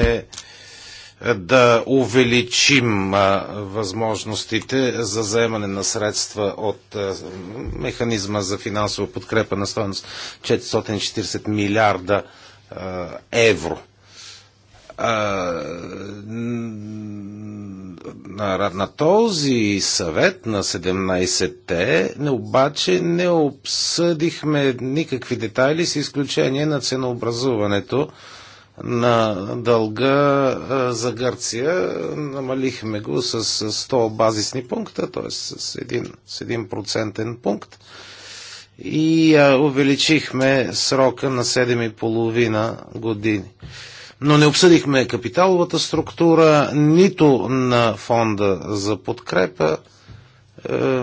е, да увеличим е, възможностите за заемане на средства от е, механизма за финансова подкрепа на стоеност 440 милиарда евро на, на този съвет на 17-те не обаче не обсъдихме никакви детайли с изключение на ценообразуването на дълга за Гърция. Намалихме го с 100 базисни пункта, т.е. с 1, с 1 процентен пункт и увеличихме срока на 7,5 години. Но не обсъдихме капиталовата структура, нито на фонда за подкрепа, е,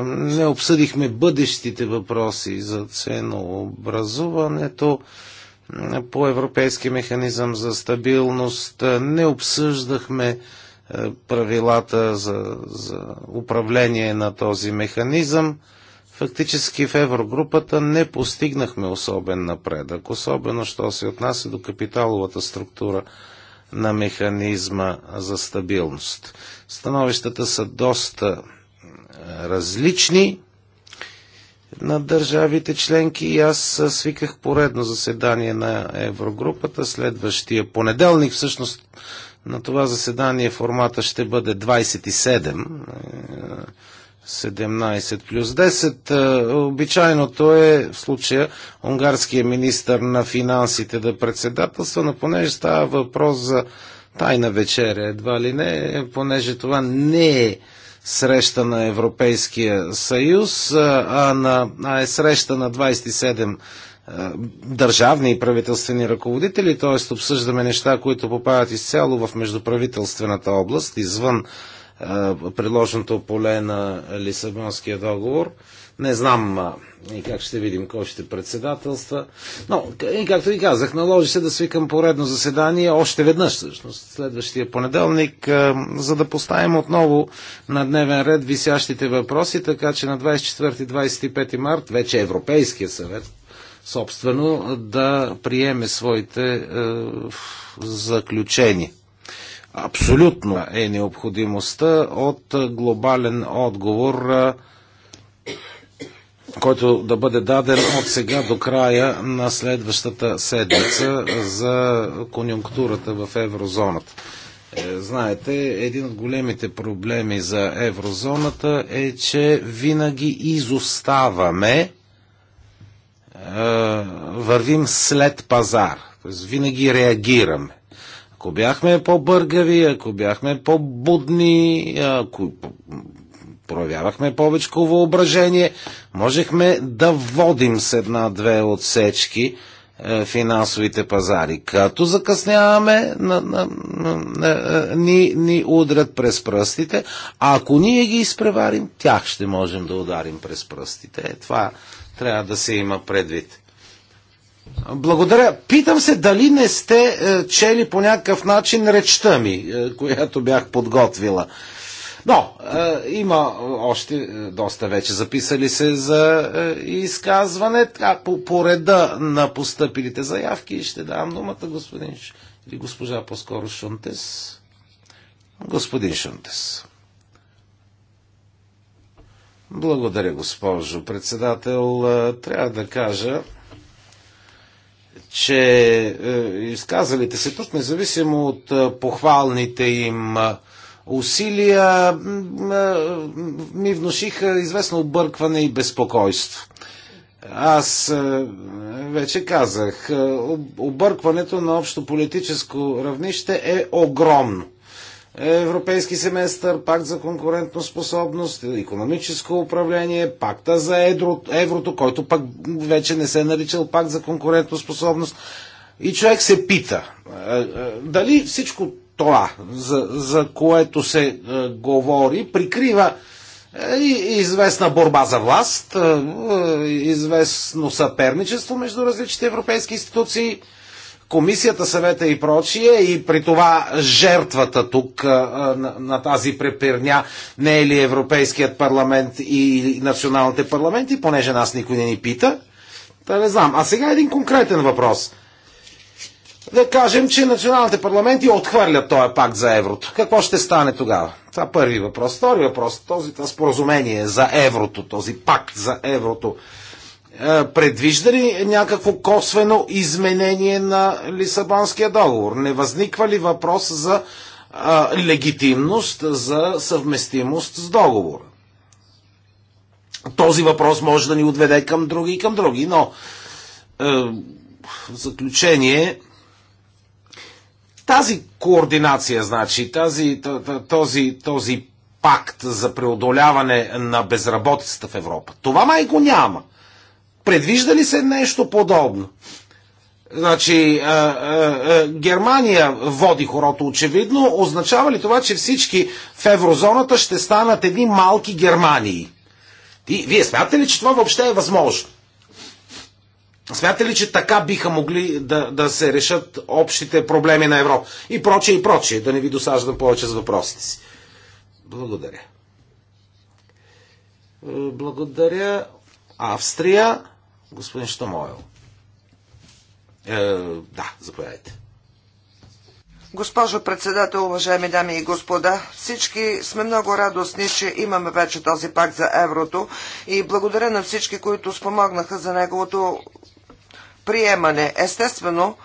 не обсъдихме бъдещите въпроси за ценообразуването е, по Европейски механизъм за стабилност, е, не обсъждахме правилата за, за управление на този механизъм фактически в еврогрупата не постигнахме особен напредък, особено що се отнася до капиталовата структура на механизма за стабилност. Становищата са доста е, различни на държавите членки и аз е, свиках поредно заседание на Еврогрупата следващия понеделник. Всъщност на това заседание формата ще бъде 27 17 плюс 10. Е, обичайното е в случая унгарския министр на финансите да председателства, но понеже става въпрос за тайна вечеря, едва ли не, понеже това не е среща на Европейския съюз, а, на, а е среща на 27 е, държавни и правителствени ръководители, т.е. обсъждаме неща, които попадат изцяло в междуправителствената област, извън предложеното поле на Лисабонския договор. Не знам и как ще видим кой ще председателства. Но, и както ви казах, наложи се да свикам поредно заседание още веднъж, всъщност, следващия понеделник, за да поставим отново на дневен ред висящите въпроси, така че на 24-25 март, вече Европейския съвет, собствено, да приеме своите а, е, заключения абсолютно е необходимостта от глобален отговор, който да бъде даден от сега до края на следващата седмица за конюнктурата в еврозоната. Е, знаете, един от големите проблеми за еврозоната е, че винаги изоставаме, е, вървим след пазар, т.е. винаги реагираме ако бяхме по-бъргави, ако бяхме по-будни, ако проявявахме повече въображение, можехме да водим с една-две отсечки е, финансовите пазари. Като закъсняваме, на, на, на, на, е, ни, ни удрят през пръстите, а ако ние ги изпреварим, тях ще можем да ударим през пръстите. Е, това трябва да се има предвид. Благодаря. Питам се дали не сте е, чели по някакъв начин речта ми, е, която бях подготвила. Но е, има още е, доста вече записали се за е, изказване. Така, по, по реда на постъпилите заявки ще дам думата господин или госпожа по-скоро Шунтес. Господин Шунтес. Благодаря, госпожо председател. Е, трябва да кажа, че е, изказалите се тук, независимо от е, похвалните им е, усилия, ми внушиха известно объркване и безпокойство. Аз вече казах, объркването на общо политическо равнище е огромно. Европейски семестър, пакт за конкурентоспособност, економическо управление, пакта за едро, еврото, който пък вече не се е наричал пакт за конкурентоспособност. И човек се пита, е, е, дали всичко това, за, за което се е, говори, прикрива известна борба за власт, известно съперничество между различните европейски институции – комисията, съвета и прочие, и при това жертвата тук на, на тази препирня не е ли Европейският парламент и националните парламенти, понеже нас никой не ни пита. Та не знам. А сега един конкретен въпрос. Да кажем, че националните парламенти отхвърлят този пакт за еврото. Какво ще стане тогава? Това първи въпрос. Втори въпрос. Този това споразумение за еврото, този пакт за еврото. Е, предвижда ли някакво косвено изменение на Лисабонския договор? Не възниква ли въпрос за а, е, легитимност, за съвместимост с договора? Този въпрос може да ни отведе към други и към други, но е, в заключение тази координация, значи, тази, този, този пакт за преодоляване на безработицата в Европа, това май го няма. Предвижда ли се нещо подобно? Значи, а, а, а, Германия води хорото, очевидно. Означава ли това, че всички в еврозоната ще станат едни малки Германии? И вие смятате ли, че това въобще е възможно? Смятате ли, че така биха могли да, да се решат общите проблеми на Европа? И прочее, и прочее. Да не ви досаждам повече с въпросите си. Благодаря. Благодаря. Австрия. Господин Штамоел, Е, да, заповядайте. Госпожо председател, уважаеми дами и господа, всички сме много радостни, че имаме вече този пакт за еврото и благодаря на всички, които спомогнаха за неговото приемане. Естествено,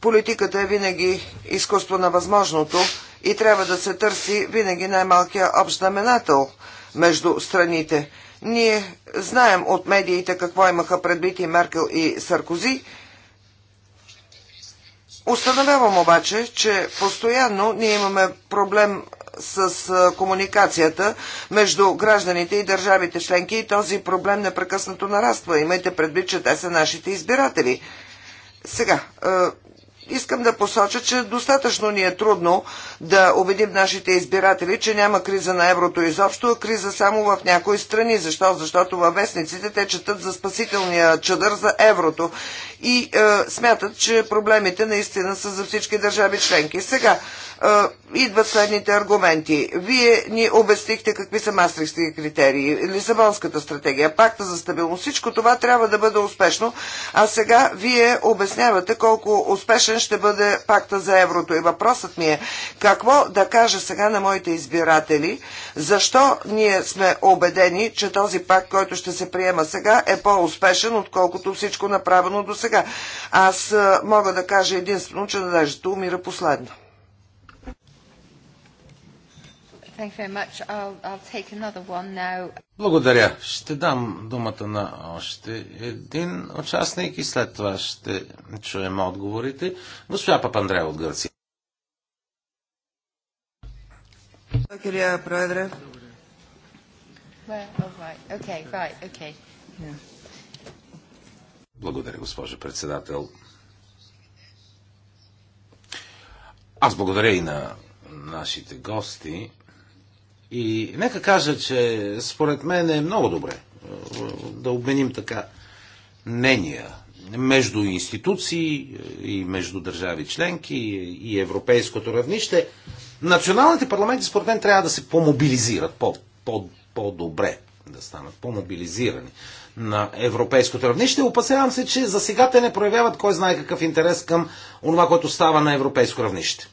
политиката е винаги изкуство на възможното и трябва да се търси винаги най-малкия общ знаменател – между страните. Ние знаем от медиите какво имаха предвид и Меркел и Саркози. Установявам обаче, че постоянно ние имаме проблем с комуникацията между гражданите и държавите членки и този проблем непрекъснато нараства. Имайте предвид, че те са нашите избиратели. Сега, искам да посоча, че достатъчно ни е трудно да убедим нашите избиратели, че няма криза на еврото изобщо, а криза само в някои страни. Защо? Защото във вестниците те четат за спасителния чадър за еврото и е, смятат, че проблемите наистина са за всички държави членки. Сега е, идват следните аргументи. Вие ни обяснихте какви са мастрихски критерии, Лисабонската стратегия, пакта за стабилност. Всичко това трябва да бъде успешно, а сега вие обяснявате колко успешен ще бъде пакта за еврото. И въпросът ми е, как какво да кажа сега на моите избиратели, защо ние сме убедени, че този пакт, който ще се приема сега, е по-успешен, отколкото всичко направено до сега. Аз мога да кажа единствено, че надеждата умира последно. Благодаря. Ще дам думата на още един участник и след това ще чуем отговорите. Госпожа Папандрея от Гърция. Благодаря, госпожо председател. Аз благодаря и на нашите гости. И нека кажа, че според мен е много добре е, да обменим така мнения между институции е, и между държави членки е, и европейското равнище. Националните парламенти, според мен, трябва да се по-мобилизират по-добре, -по да станат по-мобилизирани на европейското равнище. Опасявам се, че за сега те не проявяват кой знае какъв интерес към това, което става на европейско равнище.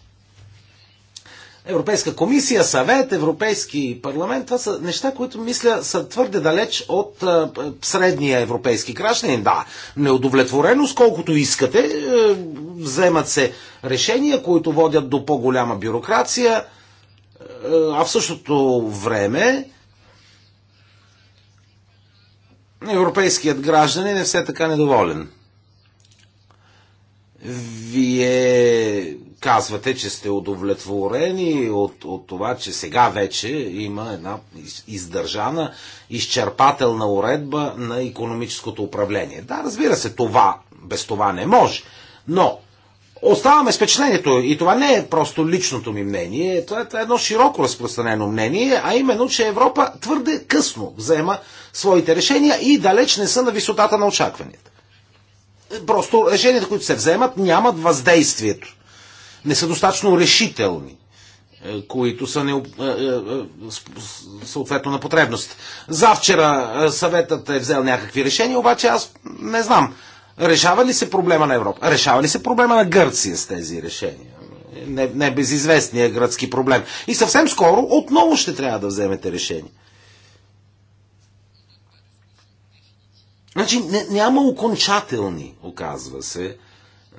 Европейска комисия, съвет, Европейски парламент, това са неща, които мисля са твърде далеч от а, средния европейски гражданин. Да, неудовлетворено, сколкото искате, е, вземат се решения, които водят до по-голяма бюрокрация, е, а в същото време европейският гражданин е все така недоволен. Вие казвате, че сте удовлетворени от, от това, че сега вече има една издържана, изчерпателна уредба на економическото управление. Да, разбира се, това без това не може. Но оставаме с впечатлението, и това не е просто личното ми мнение, това е, това е едно широко разпространено мнение, а именно, че Европа твърде късно взема своите решения и далеч не са на висотата на очакванията. Просто решенията, които се вземат, нямат въздействието не са достатъчно решителни е, които са не, е, е, съответно на потребност. Завчера съветът е взел някакви решения, обаче аз не знам. Решава ли се проблема на Европа? Решава ли се проблема на Гърция с тези решения? Не, не безизвестният гръцки проблем. И съвсем скоро отново ще трябва да вземете решение. Значи, не, няма окончателни, оказва се,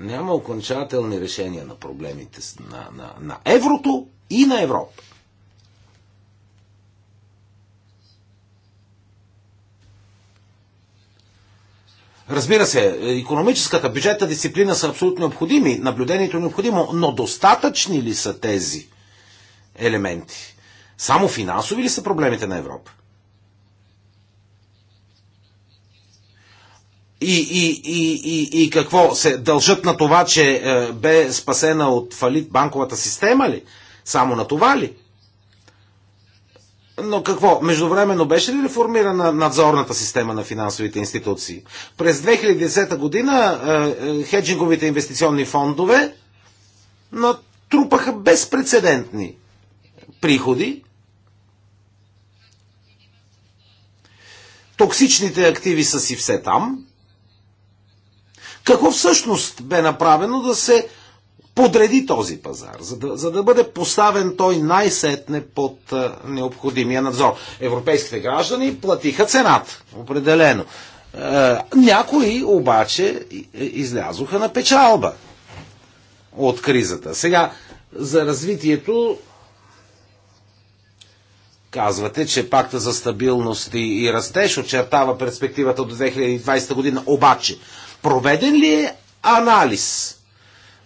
няма окончателни решения на проблемите на, на, на еврото и на Европа. Разбира се, економическата бюджетна дисциплина са абсолютно необходими, наблюдението е необходимо, но достатъчни ли са тези елементи? Само финансови ли са проблемите на Европа? и, и, и, и, и какво? Се дължат на това, че е, бе спасена от фалит банковата система ли? Само на това ли? Но какво? Междувременно беше ли реформирана надзорната система на финансовите институции? През 2010 година е, е, хеджинговите инвестиционни фондове натрупаха безпредседентни приходи. Токсичните активи са си все там. Какво всъщност бе направено да се подреди този пазар, за да, за да бъде поставен той най-сетне под а, необходимия надзор. Европейските граждани платиха цената, определено. А, някои обаче излязоха на печалба от кризата. Сега, за развитието Казвате, че пакта за стабилност и растеж очертава перспективата до 2020 година. Обаче, Проведен ли е анализ?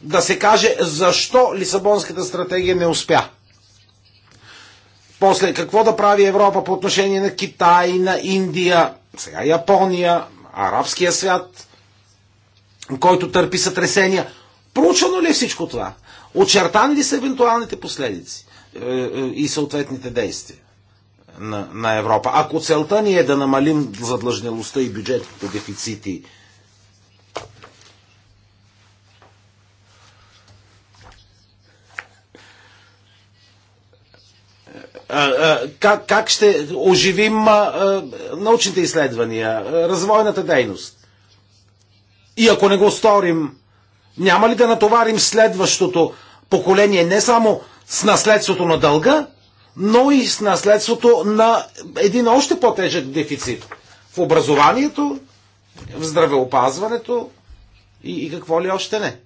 Да се каже защо Лисабонската стратегия не успя. После какво да прави Европа по отношение на Китай, на Индия, сега Япония, арабския свят, който търпи сътресения. Проучено ли е всичко това? Очертани ли са евентуалните последици е, е, и съответните действия на, на Европа? Ако целта ни е да намалим задлъжнялостта и бюджетните дефицити Как, как ще оживим научните изследвания, развойната дейност? И ако не го сторим, няма ли да натоварим следващото поколение не само с наследството на дълга, но и с наследството на един още по-тежък дефицит в образованието, в здравеопазването и, и какво ли още не.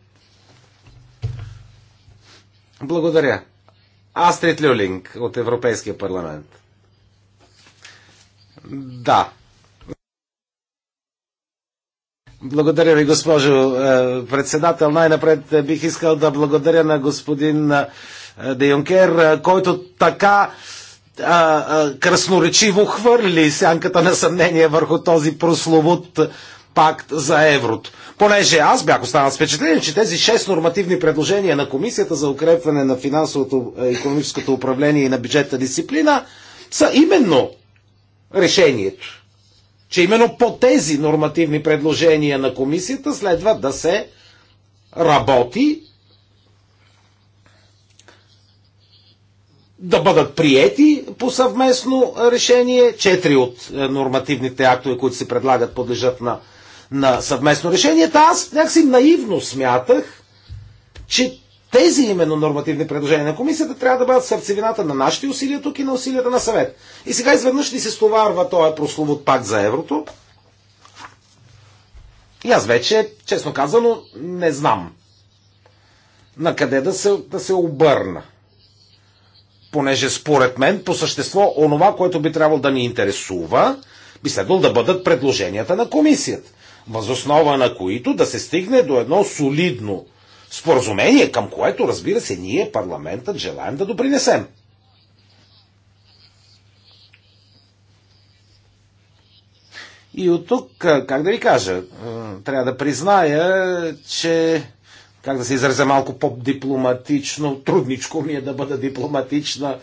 Благодаря. Астрид Люлинг от Европейския парламент. Да. Благодаря ви, госпожо е, председател. Най-напред е, бих искал да благодаря на господин е, Де Юнкер, който така красноречиво хвърли сянката на съмнение върху този прословут пакт за еврото. Понеже аз бях останал с впечатление, че тези 6 нормативни предложения на Комисията за укрепване на финансовото е, и економическото управление и на бюджетна дисциплина са именно решението. Че именно по тези нормативни предложения на Комисията следва да се работи да бъдат приети по съвместно решение. Четири от е, нормативните актове, които се предлагат, подлежат на на съвместно решение. Та аз някакси наивно смятах, че тези именно нормативни предложения на комисията трябва да бъдат сърцевината на нашите усилия тук и на усилията на съвет. И сега изведнъж ни се стоварва този прословут пак за еврото. И аз вече, честно казано, не знам на къде да се, да се обърна. Понеже според мен, по същество, онова, което би трябвало да ни интересува, би следвало да бъдат предложенията на комисията възоснова на които да се стигне до едно солидно споразумение, към което, разбира се, ние, парламентът, желаем да допринесем. И от тук, как да ви кажа, трябва да призная, че, как да се изразя малко по-дипломатично, трудничко ми е да бъда дипломатична,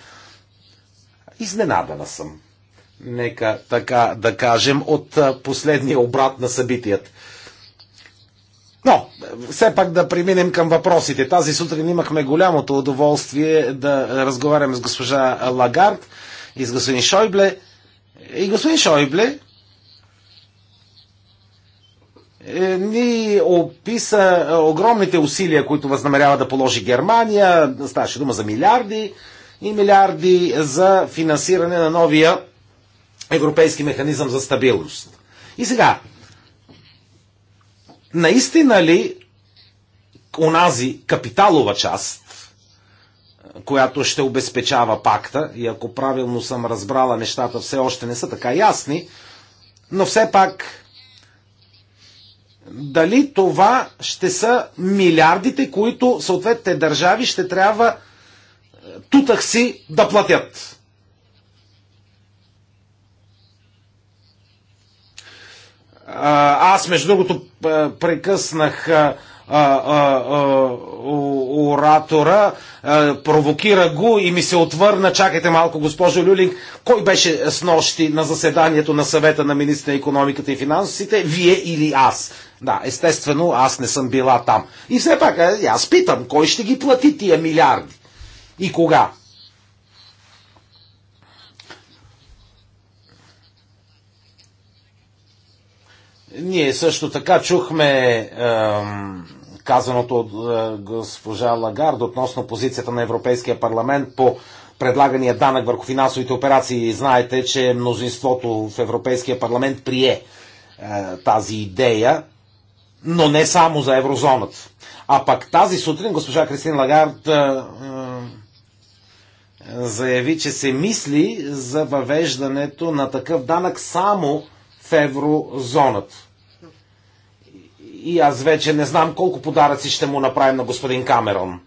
изненадана съм нека така да кажем, от последния обрат на събитият. Но, все пак да преминем към въпросите. Тази сутрин имахме голямото удоволствие да разговарям с госпожа Лагард и с господин Шойбле. И господин Шойбле е, ни описа е, огромните усилия, които възнамерява да положи Германия. Ставаше дума за милиарди и милиарди за финансиране на новия Европейски механизъм за стабилност. И сега, наистина ли онази капиталова част, която ще обезпечава пакта, и ако правилно съм разбрала, нещата все още не са така ясни, но все пак дали това ще са милиардите, които съответните държави ще трябва е, тутах си да платят. Аз, между другото, прекъснах оратора, провокира го и ми се отвърна, чакайте малко, госпожо Люлинг, кой беше с нощи на заседанието на съвета на министра на економиката и финансите, вие или аз? Да, естествено, аз не съм била там. И все пак, аз питам, кой ще ги плати тия милиарди? И кога? Ние също така чухме казаното от е, госпожа Лагард относно позицията на Европейския парламент по предлагания данък върху финансовите операции. Знаете, че мнозинството в Европейския парламент прие е, тази идея, но не само за еврозоната. А пък тази сутрин госпожа Кристин Лагард е, е, заяви, че се мисли за въвеждането на такъв данък само в еврозоната. И аз вече не знам колко подаръци ще му направим на господин Камерон.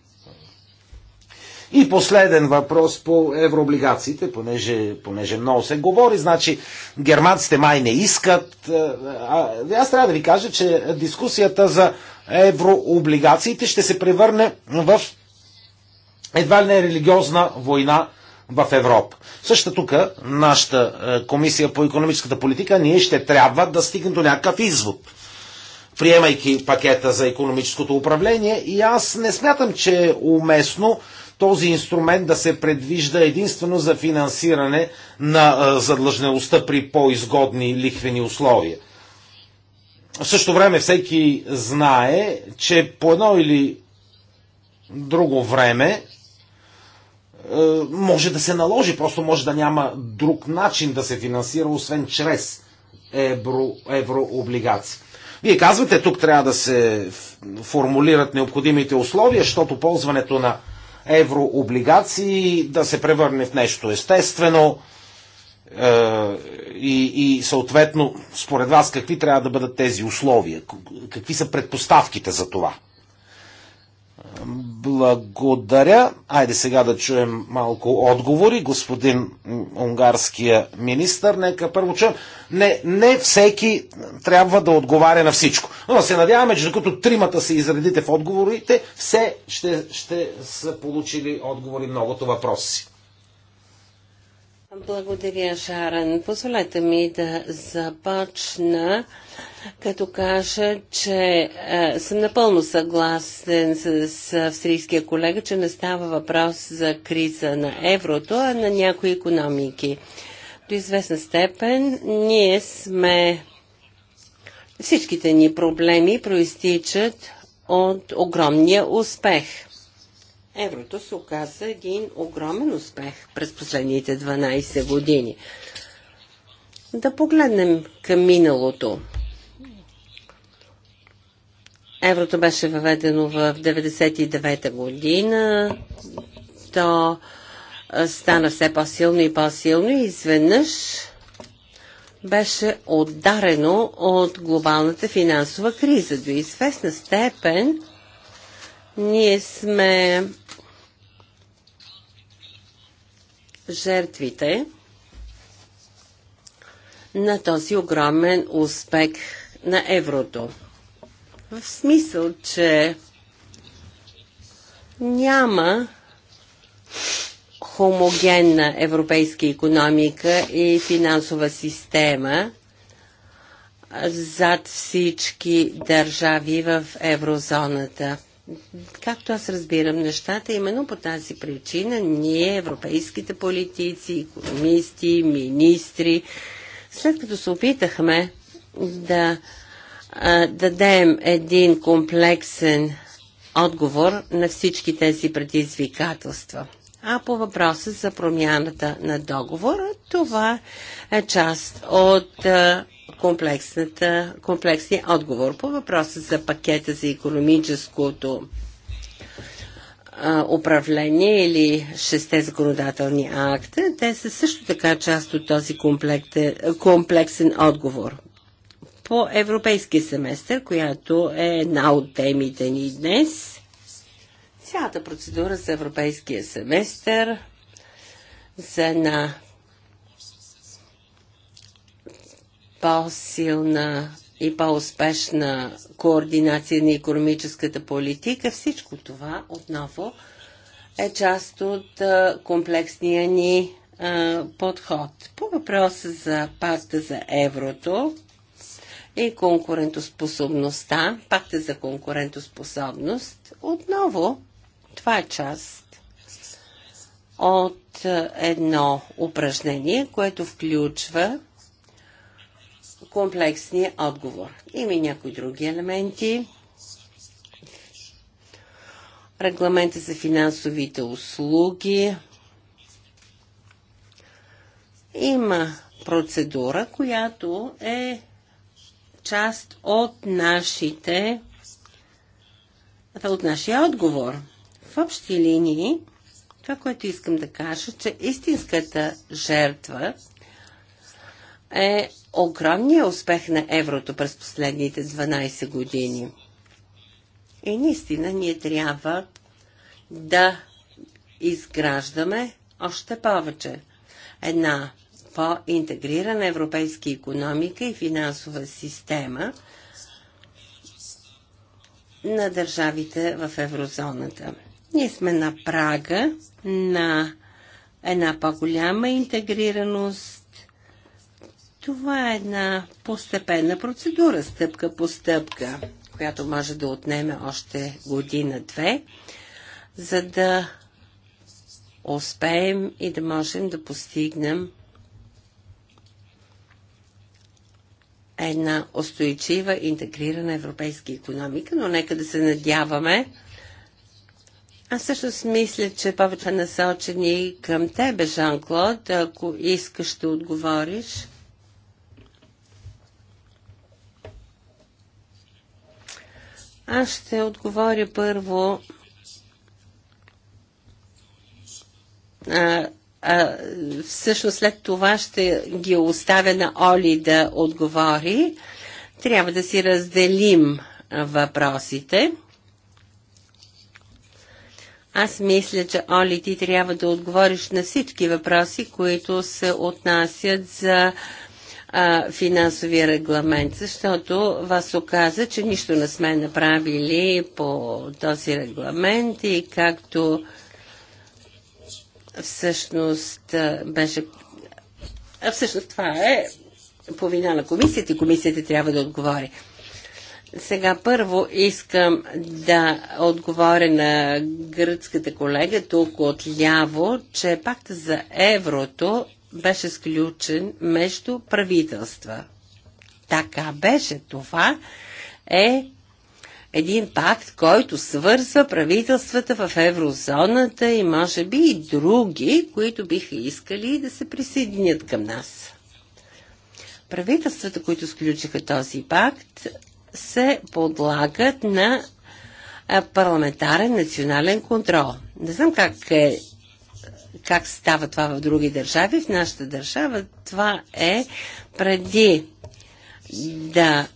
И последен въпрос по еврооблигациите, понеже, понеже много се говори. Значи, германците май не искат. А, аз трябва да ви кажа, че дискусията за еврооблигациите ще се превърне в едва ли не религиозна война в Европа. Също тук нашата е, комисия по економическата политика ние ще трябва да стигнем до някакъв извод приемайки пакета за економическото управление и аз не смятам, че е уместно този инструмент да се предвижда единствено за финансиране на е, задлъжнелостта при по-изгодни лихвени условия. В същото време всеки знае, че по едно или друго време е, може да се наложи, просто може да няма друг начин да се финансира, освен чрез евро, еврооблигации. Вие казвате, тук трябва да се формулират необходимите условия, защото ползването на еврооблигации да се превърне в нещо естествено е, и, и съответно, според вас, какви трябва да бъдат тези условия? Какви са предпоставките за това? Благодаря. Айде сега да чуем малко отговори. Господин унгарския министр, нека първо чуем. Не, не всеки трябва да отговаря на всичко. Но се надяваме, че докато тримата се изредите в отговорите, все ще, ще са получили отговори многото въпроси. Благодаря, Шарен. Позволете ми да започна, като кажа, че е, съм напълно съгласен с, с австрийския колега, че не става въпрос за криза на еврото, а на някои економики. До известна степен ние сме. Всичките ни проблеми проистичат от огромния успех – еврото се оказа един огромен успех през последните 12 години. Да погледнем към миналото. Еврото беше въведено в 1999 година. То стана все по-силно и по-силно и изведнъж беше отдарено от глобалната финансова криза. До известна степен ние сме жертвите на този огромен успех на еврото. В смисъл, че няма хомогенна европейска економика и финансова система зад всички държави в еврозоната. Както аз разбирам нещата, именно по тази причина ние, европейските политици, економисти, министри, след като се опитахме да а, дадем един комплексен отговор на всички тези предизвикателства. А по въпроса за промяната на договора, това е част от а, комплексния отговор. По въпроса за пакета за економическото управление или шесте законодателни акта, те са също така част от този комплексен отговор. По европейски семестър, която е една от темите ни днес, цялата процедура за европейския семестър за една по-силна и по-успешна координация на економическата политика, всичко това отново е част от комплексния ни подход. По въпроса за пакта за еврото и конкурентоспособността, пакта за конкурентоспособност, отново това е част от едно упражнение, което включва комплексния отговор. Има и някои други елементи. Регламента за финансовите услуги. Има процедура, която е част от нашите от нашия отговор. В общи линии, това, което искам да кажа, че истинската жертва е огромния успех на еврото през последните 12 години. И наистина ние трябва да изграждаме още повече една по-интегрирана европейска економика и финансова система на държавите в еврозоната. Ние сме на прага на една по-голяма интегрираност това е една постепенна процедура, стъпка по стъпка, която може да отнеме още година-две, за да успеем и да можем да постигнем една устойчива, интегрирана европейска економика, но нека да се надяваме. Аз също мисля, че повече насочени към тебе, Жан-Клод. Ако искаш да отговориш. Аз ще отговоря първо а, а, всъщност след това ще ги оставя на Оли да отговори. Трябва да си разделим въпросите. Аз мисля, че Оли ти трябва да отговориш на всички въпроси, които се отнасят за а, а, финансовия регламент, защото вас оказа, че нищо не сме направили по този регламент и както всъщност беше. А всъщност това е по вина на комисията и комисията трябва да отговори. Сега първо искам да отговоря на гръцката колега тук от Ляво, че пакта за еврото беше сключен между правителства. Така беше. Това е един пакт, който свързва правителствата в еврозоната и може би и други, които биха искали да се присъединят към нас. Правителствата, които сключиха този пакт, се подлагат на парламентарен национален контрол. Не знам как е как става това в други държави. В нашата държава това е преди да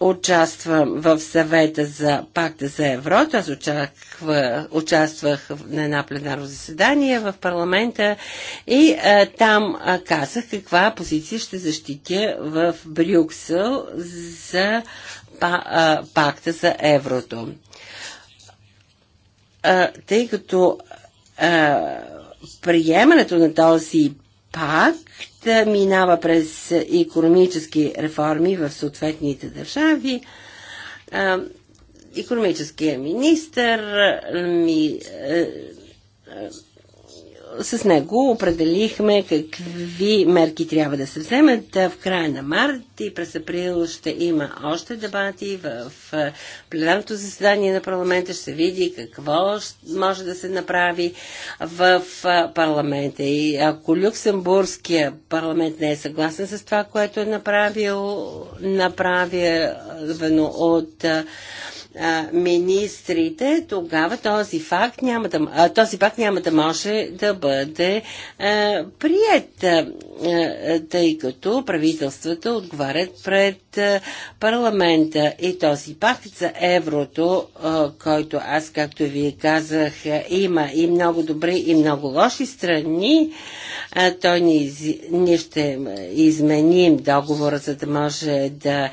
участвам в съвета за пакта за еврото. Аз очаква, участвах на една пленарно заседание в парламента и а, е, там а, е, казах каква позиция ще защитя в Брюксел за па, а, е, пакта за еврото. А, тъй като е, приемането на този пакт е, минава през економически реформи в съответните държави. Економическия министр е, ми с него определихме какви мерки трябва да се вземат. В края на март и през април ще има още дебати в пленарното заседание на парламента. Ще се види какво може да се направи в парламента. И ако Люксембургския парламент не е съгласен с това, което е направил, направено от министрите, тогава този факт няма да, този факт няма да може да бъде прият, тъй като правителствата отговарят пред парламента и този пакт за еврото, който аз, както вие казах, има и много добри и много лоши страни, той ни, ние ще изменим договора, за да може да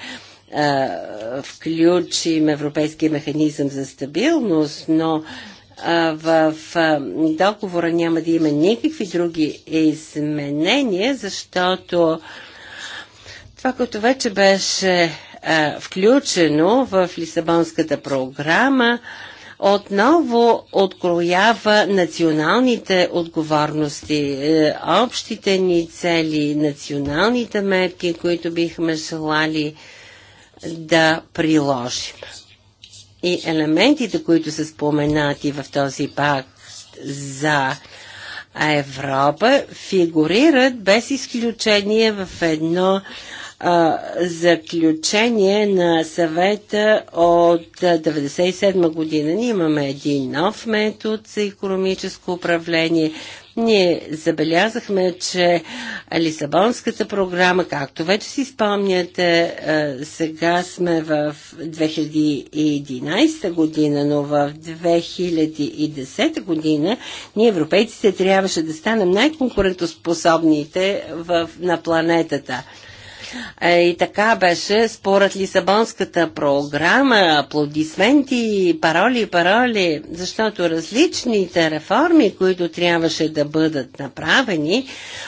включим Европейския механизъм за стабилност, но в договора няма да има никакви други изменения, защото това, което вече беше включено в Лисабонската програма, отново откроява националните отговорности, е, общите ни цели, националните мерки, които бихме желали да приложим. И елементите, които са споменати в този пакт за Европа, фигурират без изключение в едно а, заключение на съвета от 1997 година. Ние имаме един нов метод за економическо управление, ние забелязахме, че Лисабонската програма, както вече си спомняте, е, сега сме в 2011 година, но в 2010 година ние европейците трябваше да станем най-конкурентоспособните на планетата. Е, и така беше според Лисабонската програма. Аплодисменти, пароли, пароли, защото различните реформи, които трябваше да бъдат направени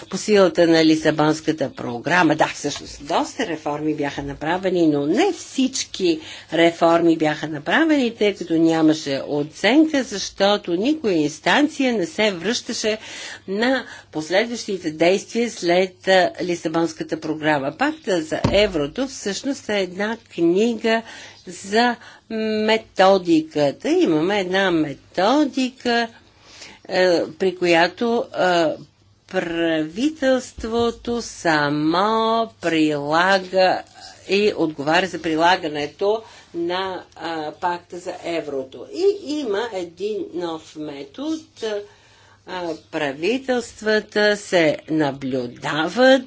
по силата на Лисабонската програма, да, всъщност доста реформи бяха направени, но не всички реформи бяха направени, тъй като нямаше оценка, защото никоя инстанция не се връщаше на последващите действия след Лисабонската програма. Пакта за еврото всъщност е една книга за методиката. Имаме една методика, е, при която е, правителството само прилага и отговаря за прилагането на а, пакта за еврото. И има един нов метод. А, е, правителствата се наблюдават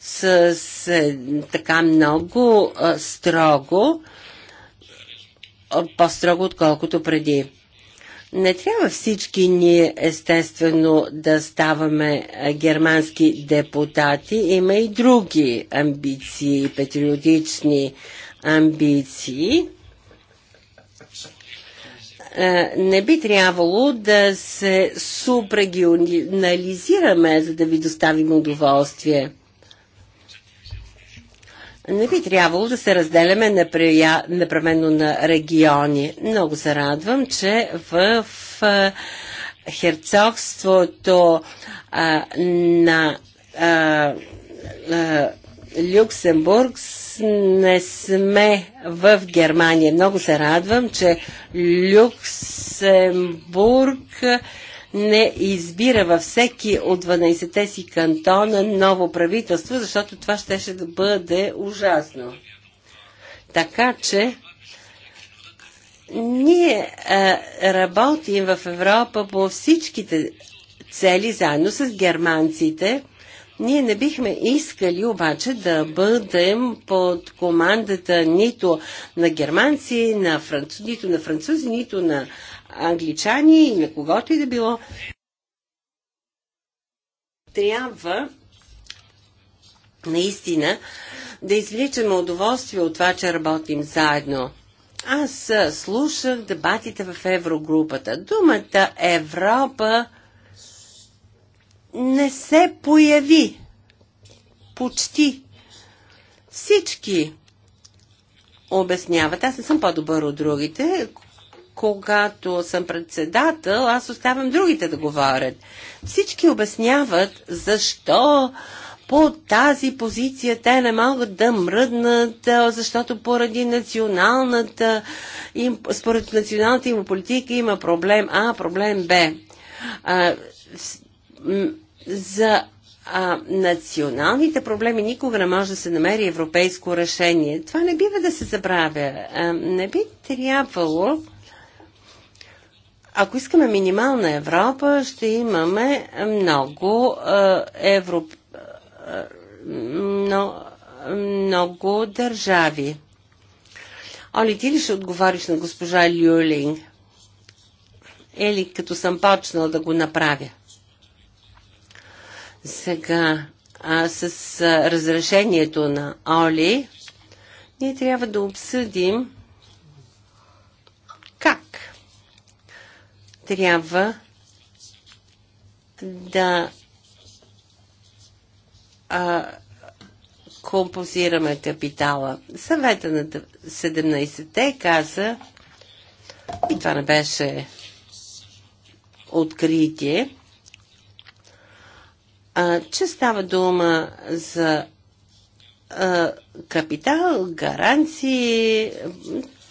с, с е, така много строго, по-строго отколкото преди. Не трябва всички ние, естествено, да ставаме германски депутати. Има и други амбиции, патриотични амбиции не би трябвало да се субрегионализираме, за да ви доставим удоволствие. Не би трябвало да се разделяме непременно на региони. Много се радвам, че в херцогството на а, а, Люксембург не сме в Германия. Много се радвам, че Люксембург не избира във всеки от 12-те си кантона ново правителство, защото това щеше да бъде ужасно. Така че ние а, работим в Европа по всичките цели заедно с германците – ние не бихме искали обаче да бъдем под командата нито на германци, на французи, нито на французи, нито на англичани и на когото и да било. Трябва наистина да извличаме удоволствие от това, че работим заедно. Аз слушах дебатите в Еврогрупата. Думата Европа не се появи почти всички обясняват. Аз не съм по-добър от другите. Когато съм председател, аз оставям другите да говорят. Всички обясняват защо по тази позиция те не могат да мръднат, защото поради националната им, според националната им политика има проблем А, проблем Б. А, за а, националните проблеми никога не може да се намери европейско решение. Това не бива да се забравя. А, не би трябвало. Ако искаме минимална Европа, ще имаме много а, евро. А, но, много държави. Оли, ти ли ще отговориш на госпожа Люлинг? Или като съм почнал да го направя? Сега, а с а, разрешението на Оли, ние трябва да обсъдим как трябва да а, композираме капитала. Съвета на 17-те каза, и това не беше откритие, а, че става дума за а, капитал, гаранции,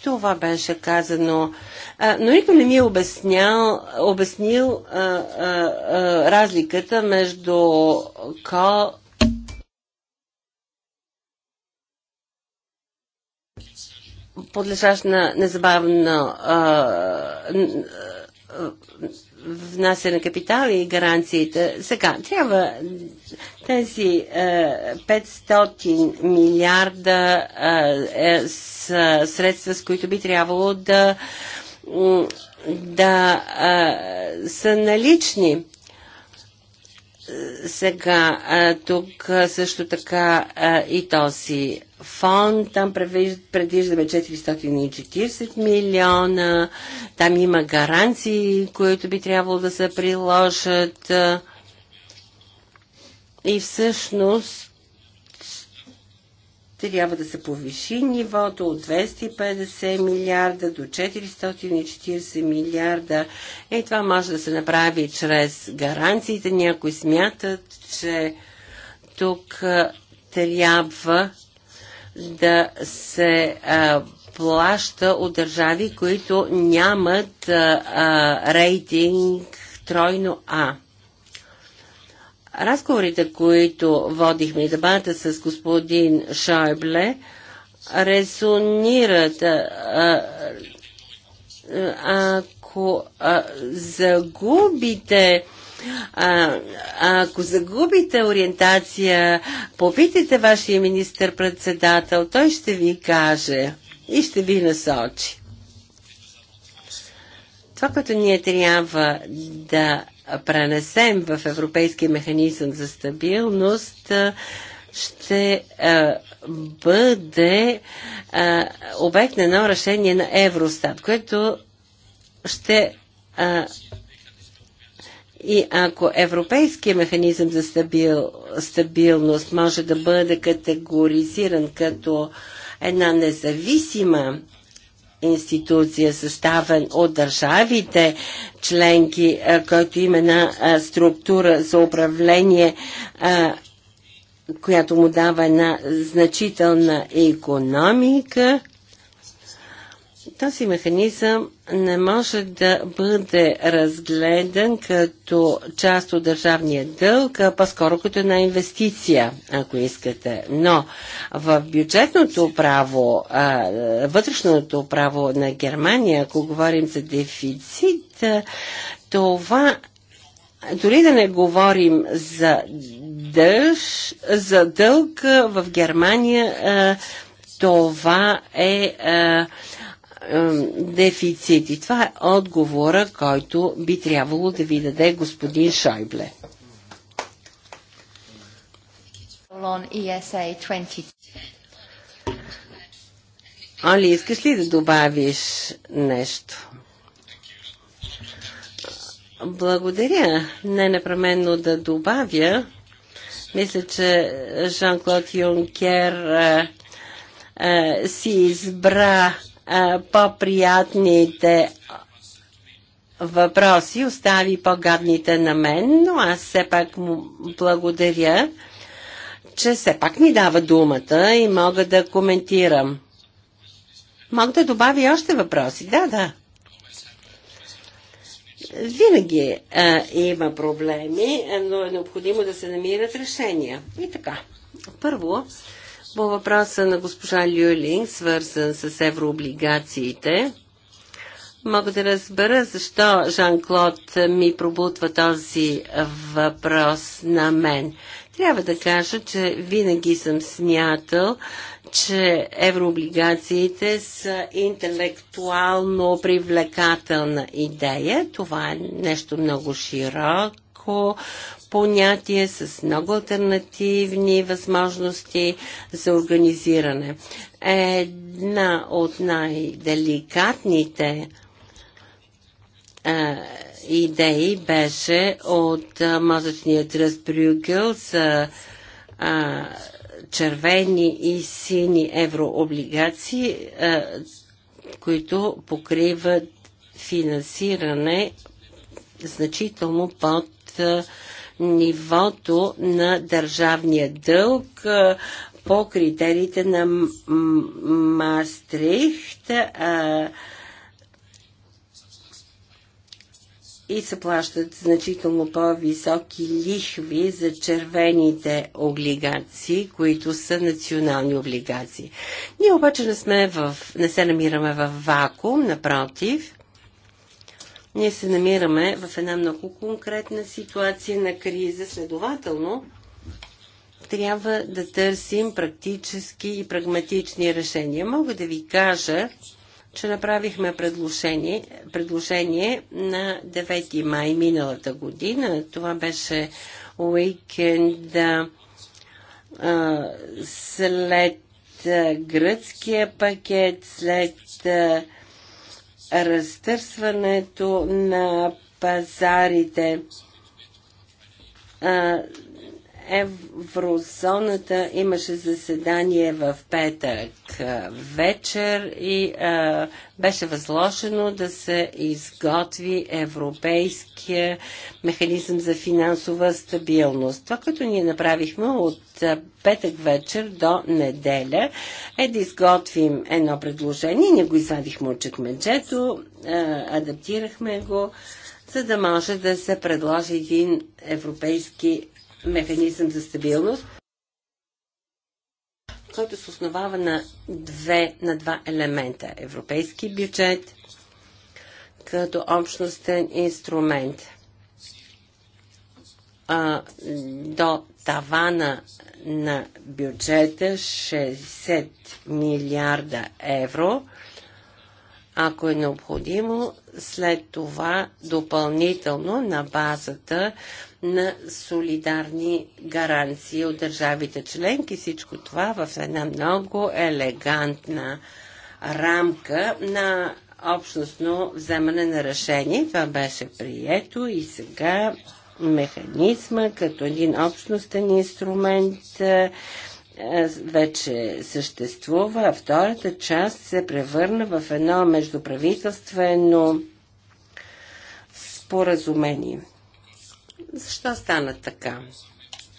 това беше казано. А, но никой не ми е обяснял, обяснил а, а, а, разликата между call подлежащ на незабавно а, а, а, внася на капитали и гаранциите. Сега, трябва тези е, 500 милиарда е, е с средства, с които би трябвало да, да е, са налични. Сега, тук също така и този фонд, там предвиждаме 440 милиона, там има гаранции, които би трябвало да се приложат. И всъщност трябва да се повиши нивото от 250 милиарда до 440 милиарда. И това може да се направи чрез гаранциите. Някои смятат, че тук трябва да се а, плаща от държави, които нямат а, а, рейтинг тройно А. Разговорите, които водихме и дебата с господин Шайбле, резонират. А, ако а, загубите а, ако загубите ориентация, попитайте вашия министър-председател, той ще ви каже и ще ви насочи. Това, което ние трябва да пренесем в Европейския механизъм за стабилност, ще бъде обект на едно решение на Евростат, което ще. и ако Европейския механизъм за стабил, стабилност може да бъде категоризиран като една независима институция, съставен от държавите членки, който има една структура за управление, която му дава една значителна економика, този механизъм не може да бъде разгледан като част от държавния дълг, а по-скоро като една инвестиция, ако искате. Но в бюджетното право, вътрешното право на Германия, ако говорим за дефицит, това дори да не говорим за, дълж, за дълг в Германия, това е дефицити. Това е отговора, който би трябвало да ви даде господин Шайбле. E Али, искаш ли да добавиш нещо? Благодаря. Не непременно да добавя. Мисля, че Жан-Клод Юнкер е, е, си избра е, по-приятните въпроси, остави по-гадните на мен, но аз все пак му благодаря, че все пак ми дава думата и мога да коментирам. Мога да добавя още въпроси. Да, да. Винаги а, има проблеми, но е необходимо да се намират решения. И така. Първо, по въпроса на госпожа Люлинг, свързан с еврооблигациите, мога да разбера защо Жан-Клод ми пробутва този въпрос на мен. Трябва да кажа, че винаги съм смятал, че еврооблигациите са интелектуално привлекателна идея. Това е нещо много широко, понятие с много альтернативни възможности за организиране. Една от най-деликатните идеи беше от мозъчния тръст Брюгел за а, червени и сини еврооблигации, а, които покриват финансиране значително под а, нивото на държавния дълг по критериите на Мастрихт и се плащат значително по-високи лихви за червените облигации, които са национални облигации. Ние обаче не, сме в, не се намираме в вакуум, напротив – ние се намираме в една много конкретна ситуация на криза. Следователно, трябва да търсим практически и прагматични решения. Мога да ви кажа, че направихме предложение, предложение на 9 май миналата година. Това беше уикенда след гръцкия пакет, след разтърсването на пазарите еврозоната имаше заседание в петък вечер и а, беше възложено да се изготви европейския механизъм за финансова стабилност. Това, което ние направихме от петък вечер до неделя е да изготвим едно предложение. Ние го извадихме от чекмеджето, адаптирахме го за да може да се предложи един европейски механизъм за стабилност, който се основава на, две, на два елемента. Европейски бюджет като общностен инструмент а, до тавана на бюджета 60 милиарда евро, ако е необходимо, след това допълнително на базата на солидарни гаранции от държавите членки. Всичко това в една много елегантна рамка на общностно вземане на решение. Това беше прието и сега механизма като един общностен инструмент е, вече съществува, а втората част се превърна в едно междуправителствено споразумение. Защо стана така?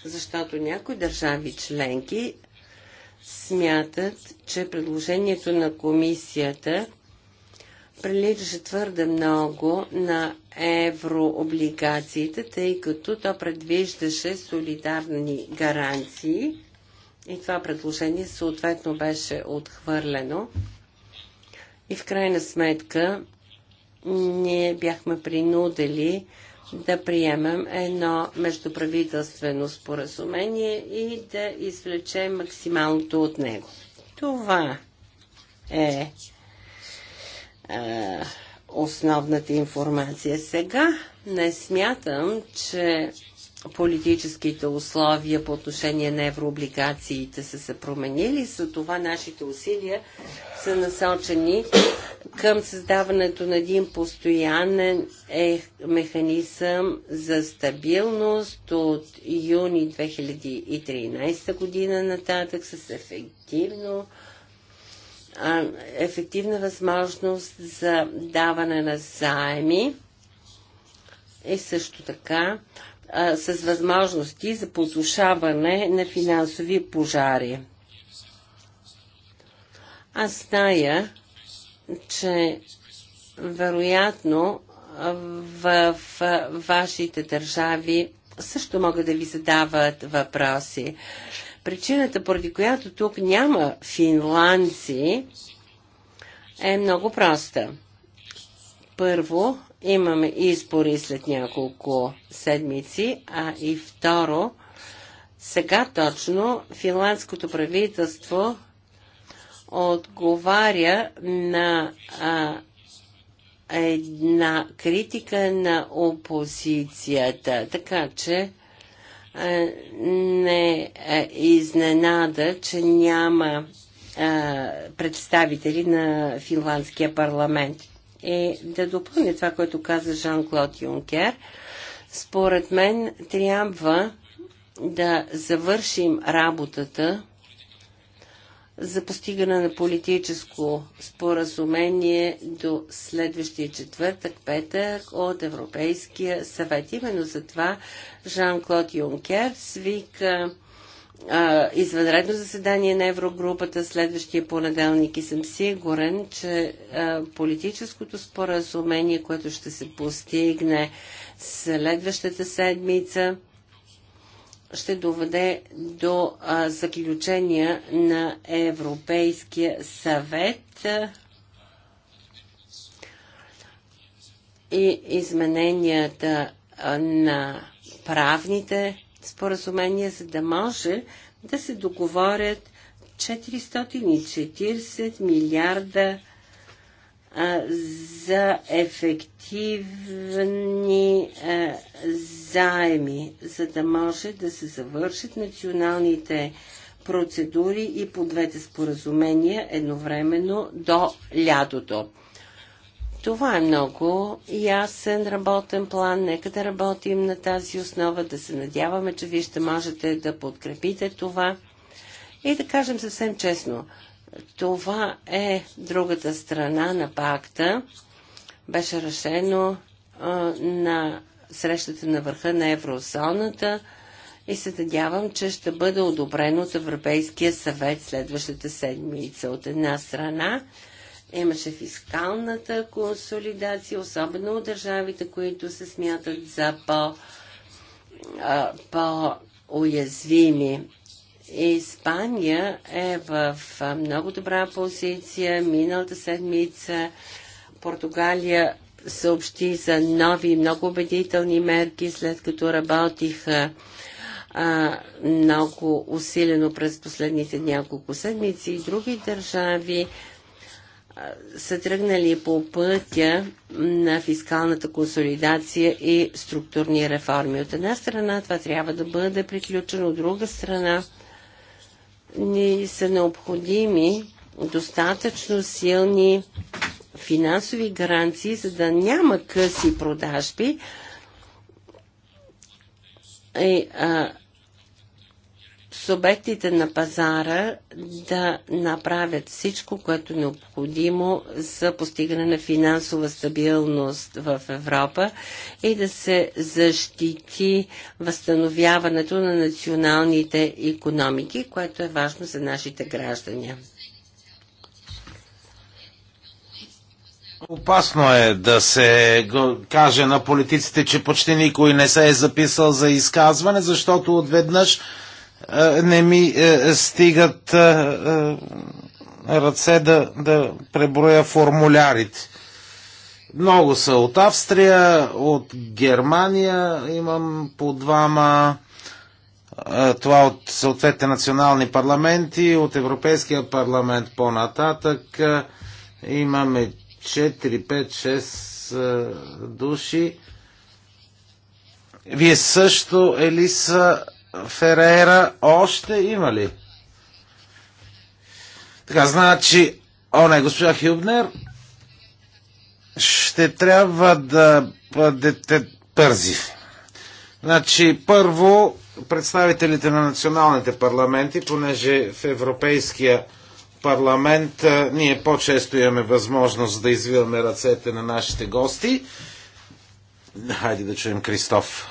Защото някои държави членки смятат, че предложението на комисията прилича твърде много на еврооблигациите, тъй като то предвиждаше солидарни гаранции и това предложение съответно беше отхвърлено. И в крайна сметка ние бяхме принудили да приемем едно междуправителствено споразумение и да извлечем максималното от него. Това е, е основната информация. Сега не смятам, че политическите условия по отношение на еврооблигациите са се променили, за това нашите усилия са насочени към създаването на един постоянен е механизъм за стабилност от юни 2013 година нататък с ефективно ефективна възможност за даване на заеми и също така а, с възможности за послушаване на финансови пожари. Аз зная, че вероятно в, в вашите държави също могат да ви задават въпроси. Причината, поради която тук няма финландци, е много проста. Първо, имаме избори след няколко седмици, а и второ, сега точно финландското правителство отговаря на а, една критика на опозицията. Така че а, не а, е изненада, че няма а, представители на финландския парламент. И е да допълня това, което каза Жан-Клод Юнкер. Според мен трябва да завършим работата за постигане на политическо споразумение до следващия четвъртък, петък от Европейския съвет. Именно за това Жан-Клод Юнкер свика а, извънредно заседание на Еврогрупата следващия понеделник и съм сигурен, че а, политическото споразумение, което ще се постигне следващата седмица, ще доведе до а, заключения на Европейския съвет и измененията на правните споразумение, за да може да се договорят 440 милиарда а, за ефективни а, заеми, за да може да се завършат националните процедури и по двете споразумения едновременно до лятото. Това е много ясен работен план. Нека да работим на тази основа, да се надяваме, че вие ще можете да подкрепите това. И да кажем съвсем честно, това е другата страна на пакта. Беше решено а, на срещата на върха на еврозоната и се надявам, че ще бъде одобрено от Европейския съвет следващата седмица от една страна Имаше фискалната консолидация, особено от държавите, които се смятат за по, а, по-уязвими. Испания е в много добра позиция. Миналата седмица Португалия съобщи за нови много убедителни мерки, след като работиха а, много усилено през последните няколко седмици и други държави са тръгнали по пътя на фискалната консолидация и структурни реформи. От една страна това трябва да бъде приключено, от друга страна ни са необходими достатъчно силни финансови гаранции, за да няма къси продажби. И, а, субектите на пазара да направят всичко, което е необходимо за постигане на финансова стабилност в Европа и да се защити възстановяването на националните економики, което е важно за нашите граждани. Опасно е да се каже на политиците, че почти никой не се е записал за изказване, защото отведнъж е, не ми е, стигат е, ръце да, да преброя формулярите. Много са от Австрия, от Германия имам по двама, това от съответните национални парламенти, от Европейския парламент по-нататък имаме 4, 5, 6 души. Вие също, Елиса, Ферера още има ли? Така, значи, о не, госпожа Хюбнер, ще трябва да бъдете пързи. Значи, първо, представителите на националните парламенти, понеже в Европейския парламент ние по-често имаме възможност да извиваме ръцете на нашите гости. Хайде да чуем Кристоф.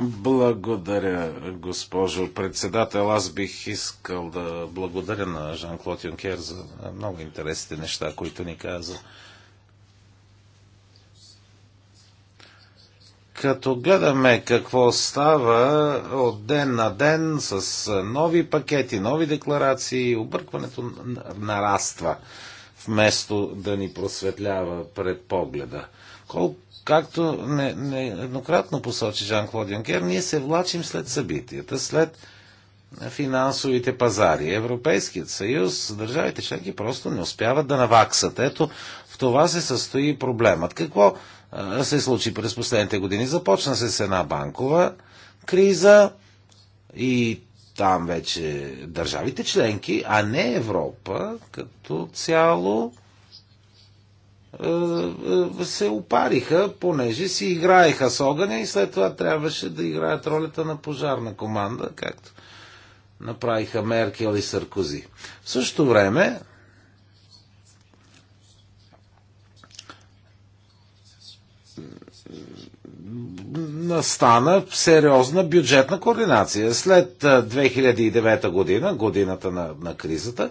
Благодаря, госпожо председател. Аз бих искал да благодаря на Жан-Клод Юнкер за много интересните неща, които ни каза. Като гледаме какво става от ден на ден с нови пакети, нови декларации, объркването нараства, вместо да ни просветлява пред погледа. Колко Както не, посочи Жан-Клод Юнкер, ние се влачим след събитията, след финансовите пазари. Европейският съюз, държавите членки просто не успяват да наваксат. Ето, в това се състои проблемът. Какво се случи през последните години? Започна се с една банкова криза и там вече държавите членки, а не Европа като цяло е, е, се опариха, понеже си играеха с огъня и след това трябваше да играят ролята на пожарна команда, както направиха Меркел и Саркози. В същото време настана сериозна бюджетна координация. След 2009 е, година, годината на, на кризата,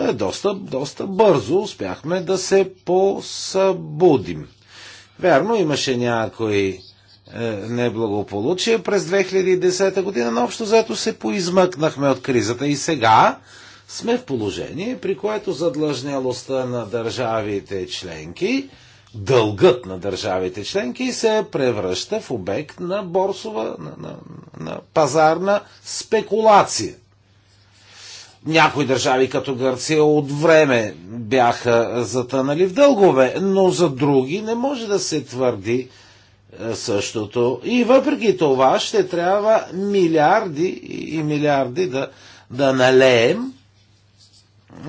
е доста, доста бързо успяхме да се посъбудим. Вярно, имаше някои е, неблагополучия през 2010 година, но общо заето се поизмъкнахме от кризата и сега сме в положение, при което задлъжнялостта на държавите членки, дългът на държавите членки се превръща в обект на борсова, на, на, на пазарна спекулация. Някои държави, като Гърция, от време бяха затънали в дългове, но за други не може да се твърди е, същото. И въпреки това ще трябва милиарди и милиарди да, да налеем,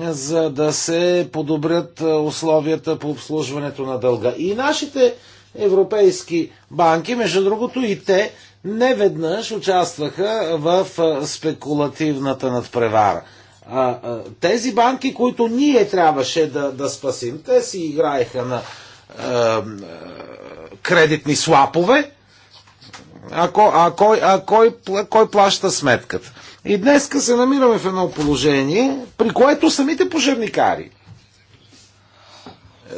за да се подобрят е, условията по обслужването на дълга. И нашите европейски банки, между другото и те, неведнъж участваха в е, спекулативната надпревара. А, тези банки, които ние трябваше да, да спасим, те си играеха на а, кредитни слапове, а, кой, а, кой, а кой, кой плаща сметката. И днес се намираме в едно положение, при което самите пожарникари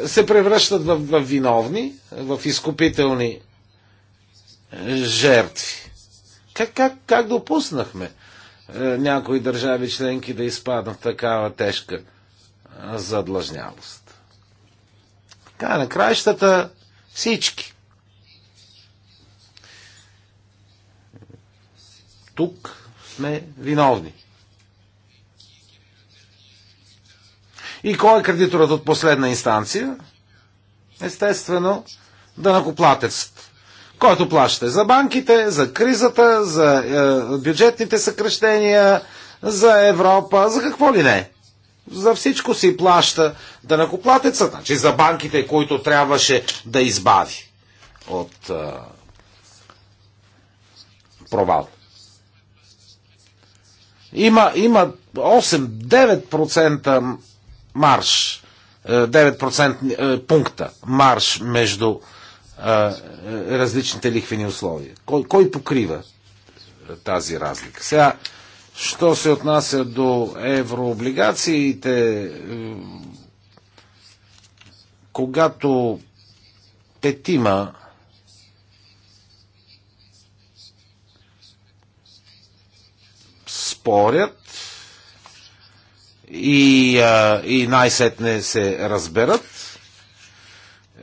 се превръщат в, в виновни, в изкупителни жертви. Как, как, как допуснахме? Е, някои държави членки да изпаднат в такава тежка е, задлъжнялост. Така на краищата всички. Тук сме виновни. И кой е кредиторът от последна инстанция? Естествено, да накоплатецът който плащате за банките, за кризата, за е, бюджетните съкрещения, за Европа, за какво ли не. За всичко си плаща да накоплатеца, значи за банките, които трябваше да избави от е, провал. Има, има 8-9% марш, 9% е, е, пункта марш между а, различните лихвени условия. Кой, кой покрива тази разлика? Сега, що се отнася до еврооблигациите, когато петима спорят и, а, и най-сетне се разберат,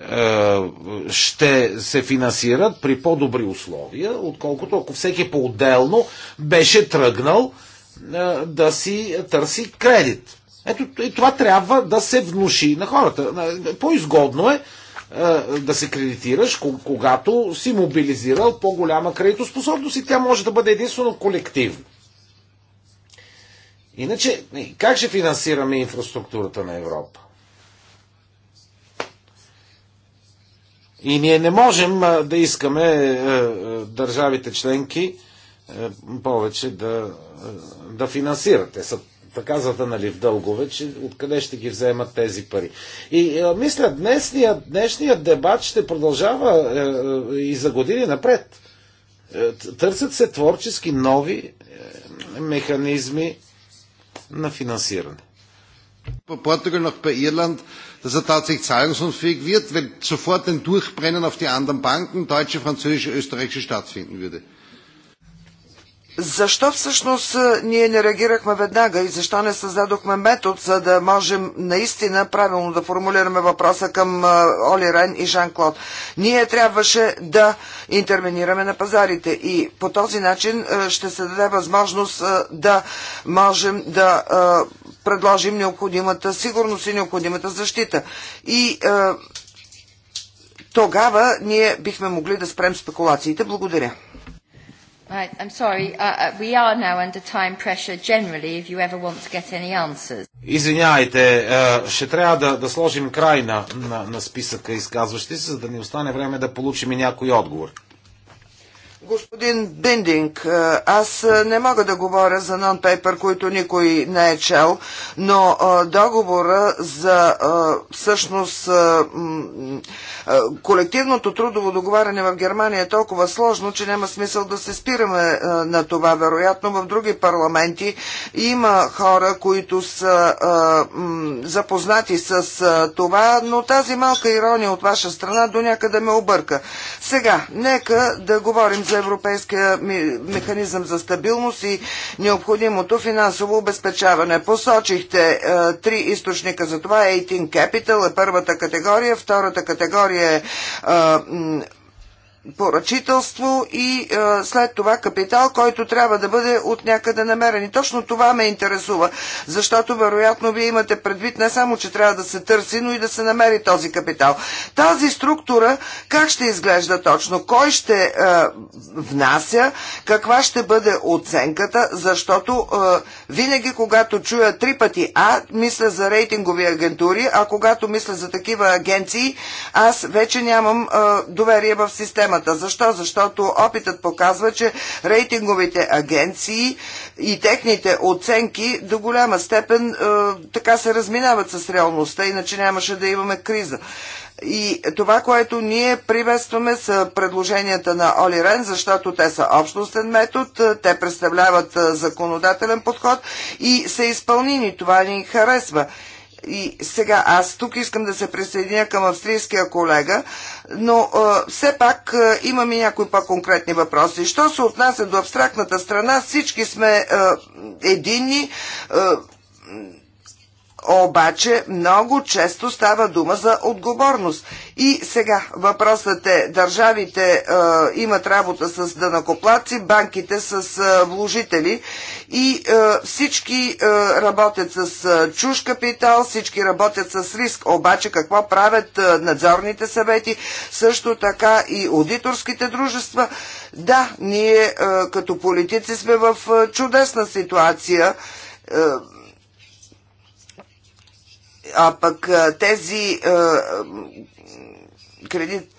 е, ще се финансират при по-добри условия, отколкото ако всеки по-отделно беше тръгнал е, да си търси кредит. Ето и това трябва да се внуши на хората. Е, по-изгодно е да се кредитираш, когато си мобилизирал по-голяма кредитоспособност и тя може да бъде единствено колективна. Иначе, как ще финансираме инфраструктурата на Европа? И ние не можем да искаме е, е, държавите членки е, повече да, да финансират. Те са така затънали в дългове, че откъде ще ги вземат тези пари. И мисля, днешният, днешният дебат ще продължава и за години напред. Търсят се творчески нови механизми на финансиране. Portugal nach bei Irland, dass er tatsächlich zahlungsunfähig wird, weil sofort ein Durchbrennen auf die anderen Banken, deutsche, französische, österreichische stattfinden würde. Защо всъщност е, ние не реагирахме веднага и защо не създадохме метод, за да можем наистина правилно да формулираме въпроса към е, Оли Рен и Жан-Клод? Ние трябваше да интервенираме на пазарите и по този начин е, ще се даде възможност да можем да предложим необходимата сигурност и необходимата защита. И е, тогава ние бихме могли да спрем спекулациите. Благодаря. Uh, uh, Извинявайте, е, ще трябва да, да сложим край на, на, на списъка изказващи се, за да ни остане време да получим и някой отговор. Господин Биндинг, аз не мога да говоря за нон-пейпер, които никой не е чел, но договора за всъщност колективното трудово договаряне в Германия е толкова сложно, че няма смисъл да се спираме на това. Вероятно в други парламенти има хора, които са запознати с това, но тази малка ирония от ваша страна до някъде ме обърка. Сега, нека да говорим за Европейския механизъм за стабилност и необходимото финансово обезпечаване. Посочихте е, три източника за това. 18 Capital е първата категория, втората категория е, е поръчителство и а, е, след това капитал, който трябва да бъде от някъде намерен. И точно това ме интересува, защото вероятно вие имате предвид не само, че трябва да се търси, но и да се намери този капитал. Тази структура как ще изглежда точно? Кой ще а, е, внася? Каква ще бъде оценката? Защото а, е, винаги, когато чуя три пъти А, мисля за рейтингови агентури, а когато мисля за такива агенции, аз вече нямам а, доверие в системата системата. Защо? Защото опитът показва, че рейтинговите агенции и техните оценки до голяма степен е, така се разминават с реалността, иначе нямаше да имаме криза. И това, което ние приветстваме са предложенията на Оли Рен, защото те са общностен метод, е, те представляват е, законодателен подход и са изпълнени. Това ни харесва. И сега аз тук искам да се присъединя към австрийския колега, но а, все пак е, имаме някои по-конкретни въпроси. Що се отнася до абстрактната страна, всички сме а, единни. А, обаче много често става дума за отговорност. И сега въпросът е, държавите е, имат работа с дънакоплаци, банките с е, вложители и е, всички е, работят с е, чуж капитал, всички работят с риск. Обаче какво правят е, надзорните съвети, също така и аудиторските дружества? Да, ние е, като политици сме в е, чудесна ситуация. Е, а пък тези кредит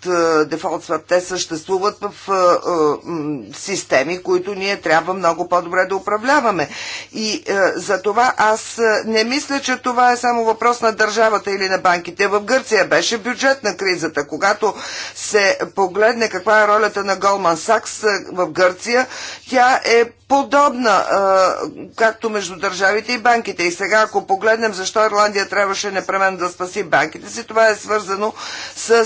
дефолт свап, те съществуват в системи, които ние трябва много по-добре да управляваме. И за това аз не мисля, че това е само въпрос на държавата или на банките. В Гърция беше бюджет на кризата. Когато се погледне каква е ролята на Голман Сакс в Гърция, тя е подобна, както между държавите и банките. И сега, ако погледнем защо Ирландия трябваше непременно да спаси банките си, това е свързано с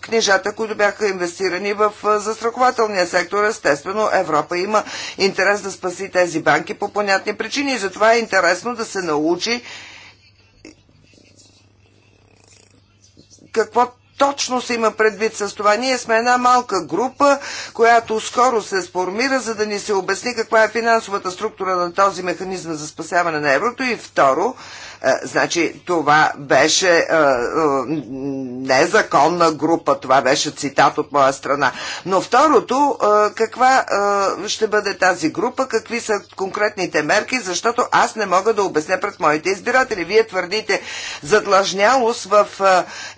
книжата, които бяха инвестирани в застрахователния сектор. Естествено, Европа има интерес да спаси тези банки по понятни причини и затова е интересно да се научи какво точно се има предвид с това. Ние сме една малка група, която скоро се сформира, за да ни се обясни каква е финансовата структура на този механизъм за спасяване на еврото. И второ, е, значи това беше е, е, незаконна група, това беше цитат от моя страна. Но второто, каква ще бъде тази група, какви са конкретните мерки, защото аз не мога да обясня пред моите избиратели. Вие твърдите задлъжнялост в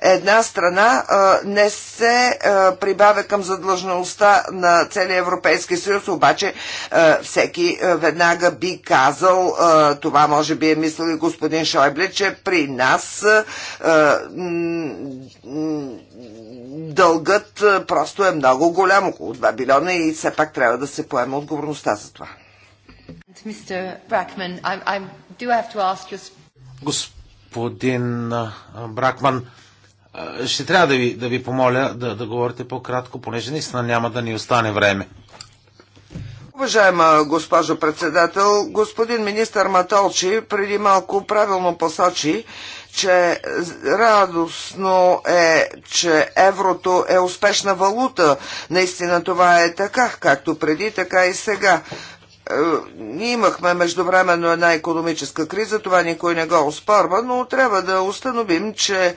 една страна не се прибавя към задлъжнялостта на целия Европейски съюз, обаче всеки веднага би казал, това може би е мислил и господин Шойбле, че при нас дългът просто е много голям, около 2 билиона и все пак трябва да се поема отговорността за това. Господин Бракман, ще трябва да ви, да ви помоля да, да говорите по-кратко, понеже наистина няма да ни остане време. Уважаема госпожо председател, господин министър Матолчи преди малко правилно посочи, че радостно е, че еврото е успешна валута. Наистина това е така, както преди, така и сега. Е, ние имахме междувременно една економическа криза, това никой не го оспорва, но трябва да установим, че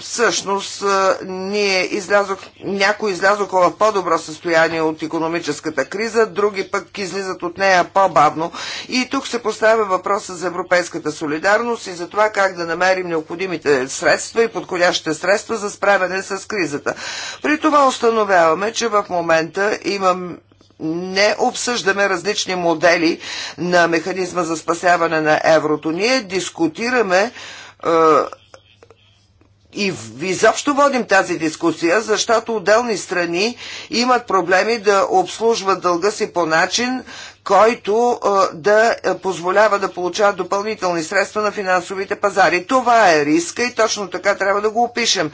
всъщност ние излязох, някои излязоха в по-добро състояние от економическата криза, други пък излизат от нея по-бавно. И тук се поставя въпроса за европейската солидарност и за това как да намерим необходимите средства и подходящите средства за справяне с кризата. При това установяваме, че в момента имам не обсъждаме различни модели на механизма за спасяване на еврото. Ние дискутираме и изобщо водим тази дискусия, защото отделни страни имат проблеми да обслужват дълга си по начин, който да позволява да получават допълнителни средства на финансовите пазари. Това е риска и точно така трябва да го опишем.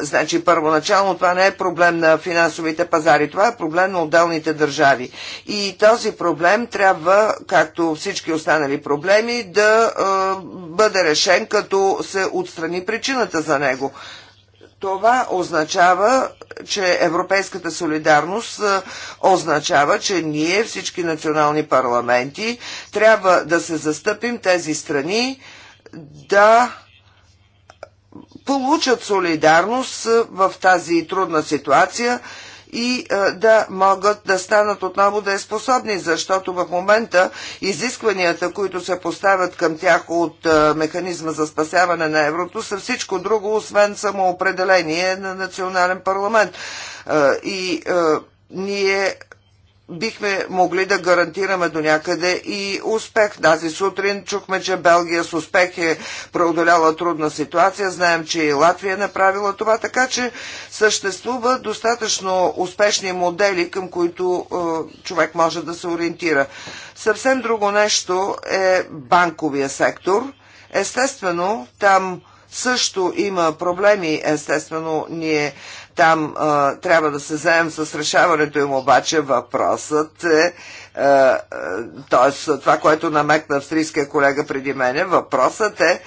Значи, първоначално това не е проблем на финансовите пазари, това е проблем на отделните държави. И този проблем трябва, както всички останали проблеми, да бъде решен, като се отстрани причината за него. Това означава, че европейската солидарност означава, че ние, всички национални парламенти, трябва да се застъпим тези страни да получат солидарност в тази трудна ситуация и да могат да станат отново да е способни, защото в момента изискванията, които се поставят към тях от механизма за спасяване на еврото, са всичко друго, освен самоопределение на национален парламент. И ние бихме могли да гарантираме до някъде и успех. Тази сутрин чухме, че Белгия с успех е преодоляла трудна ситуация. Знаем, че и Латвия е направила това, така че съществува достатъчно успешни модели, към които е, човек може да се ориентира. Съвсем друго нещо е банковия сектор. Естествено, там също има проблеми. Естествено, ние там а, трябва да се заем с решаването им, обаче въпросът е, т.е. това, което намекна австрийския колега преди мене, въпросът е,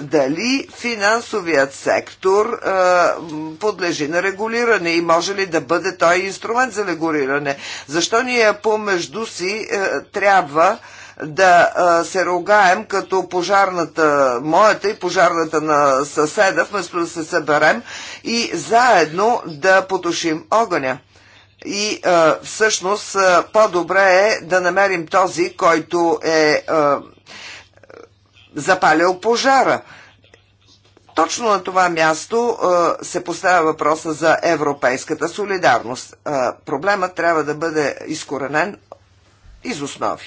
дали финансовият сектор а, подлежи на регулиране и може ли да бъде той инструмент за регулиране. Защо ние помежду си а, трябва да се ругаем като пожарната моята и пожарната на съседа, вместо да се съберем и заедно да потушим огъня. И а, всъщност по-добре е да намерим този, който е а, запалил пожара. Точно на това място а, се поставя въпроса за европейската солидарност. А, проблемът трябва да бъде изкоренен из основи.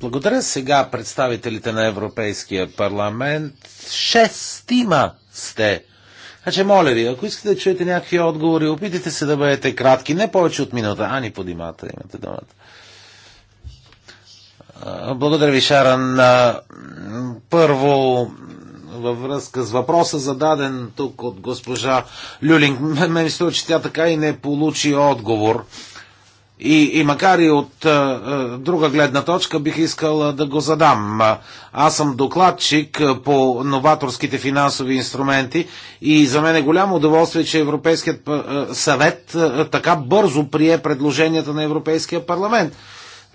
Благодаря сега представителите на Европейския парламент. Шестима сте. Значи, моля ви, ако искате да чуете някакви отговори, опитайте се да бъдете кратки, не повече от минута. Ани подимата имате думата. Благодаря ви, Шаран. Първо, във връзка с въпроса, зададен тук от госпожа Люлинг, ме мисля, че тя така и не получи отговор. И, и макар и от а, е, е, друга гледна точка бих искал а, е, да го задам. Аз съм докладчик а, по новаторските финансови инструменти и за мен е голямо удоволствие, че Европейският а, съвет а, така бързо прие предложенията на Европейския парламент.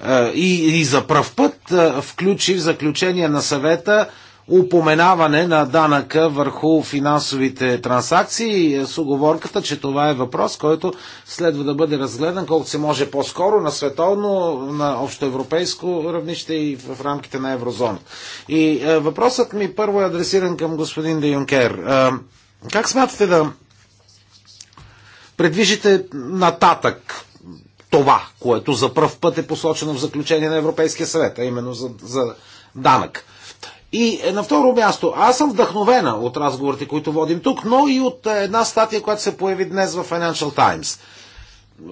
А, и, и за пръв път а, включи в заключение на съвета а, упоменаване на данъка върху финансовите транзакции с оговорката, че това е въпрос, който следва да бъде разгледан колкото се може по-скоро на световно, на общоевропейско равнище и в рамките на еврозона. И е, въпросът ми първо е адресиран към господин Де Юнкер. Е, как смятате да предвижите нататък това, което за първ път е посочено в заключение на Европейския съвет, а именно за, за данък? И на второ място, аз съм вдъхновена от разговорите, които водим тук, но и от е, една статия, която се появи днес в Financial Times. Е,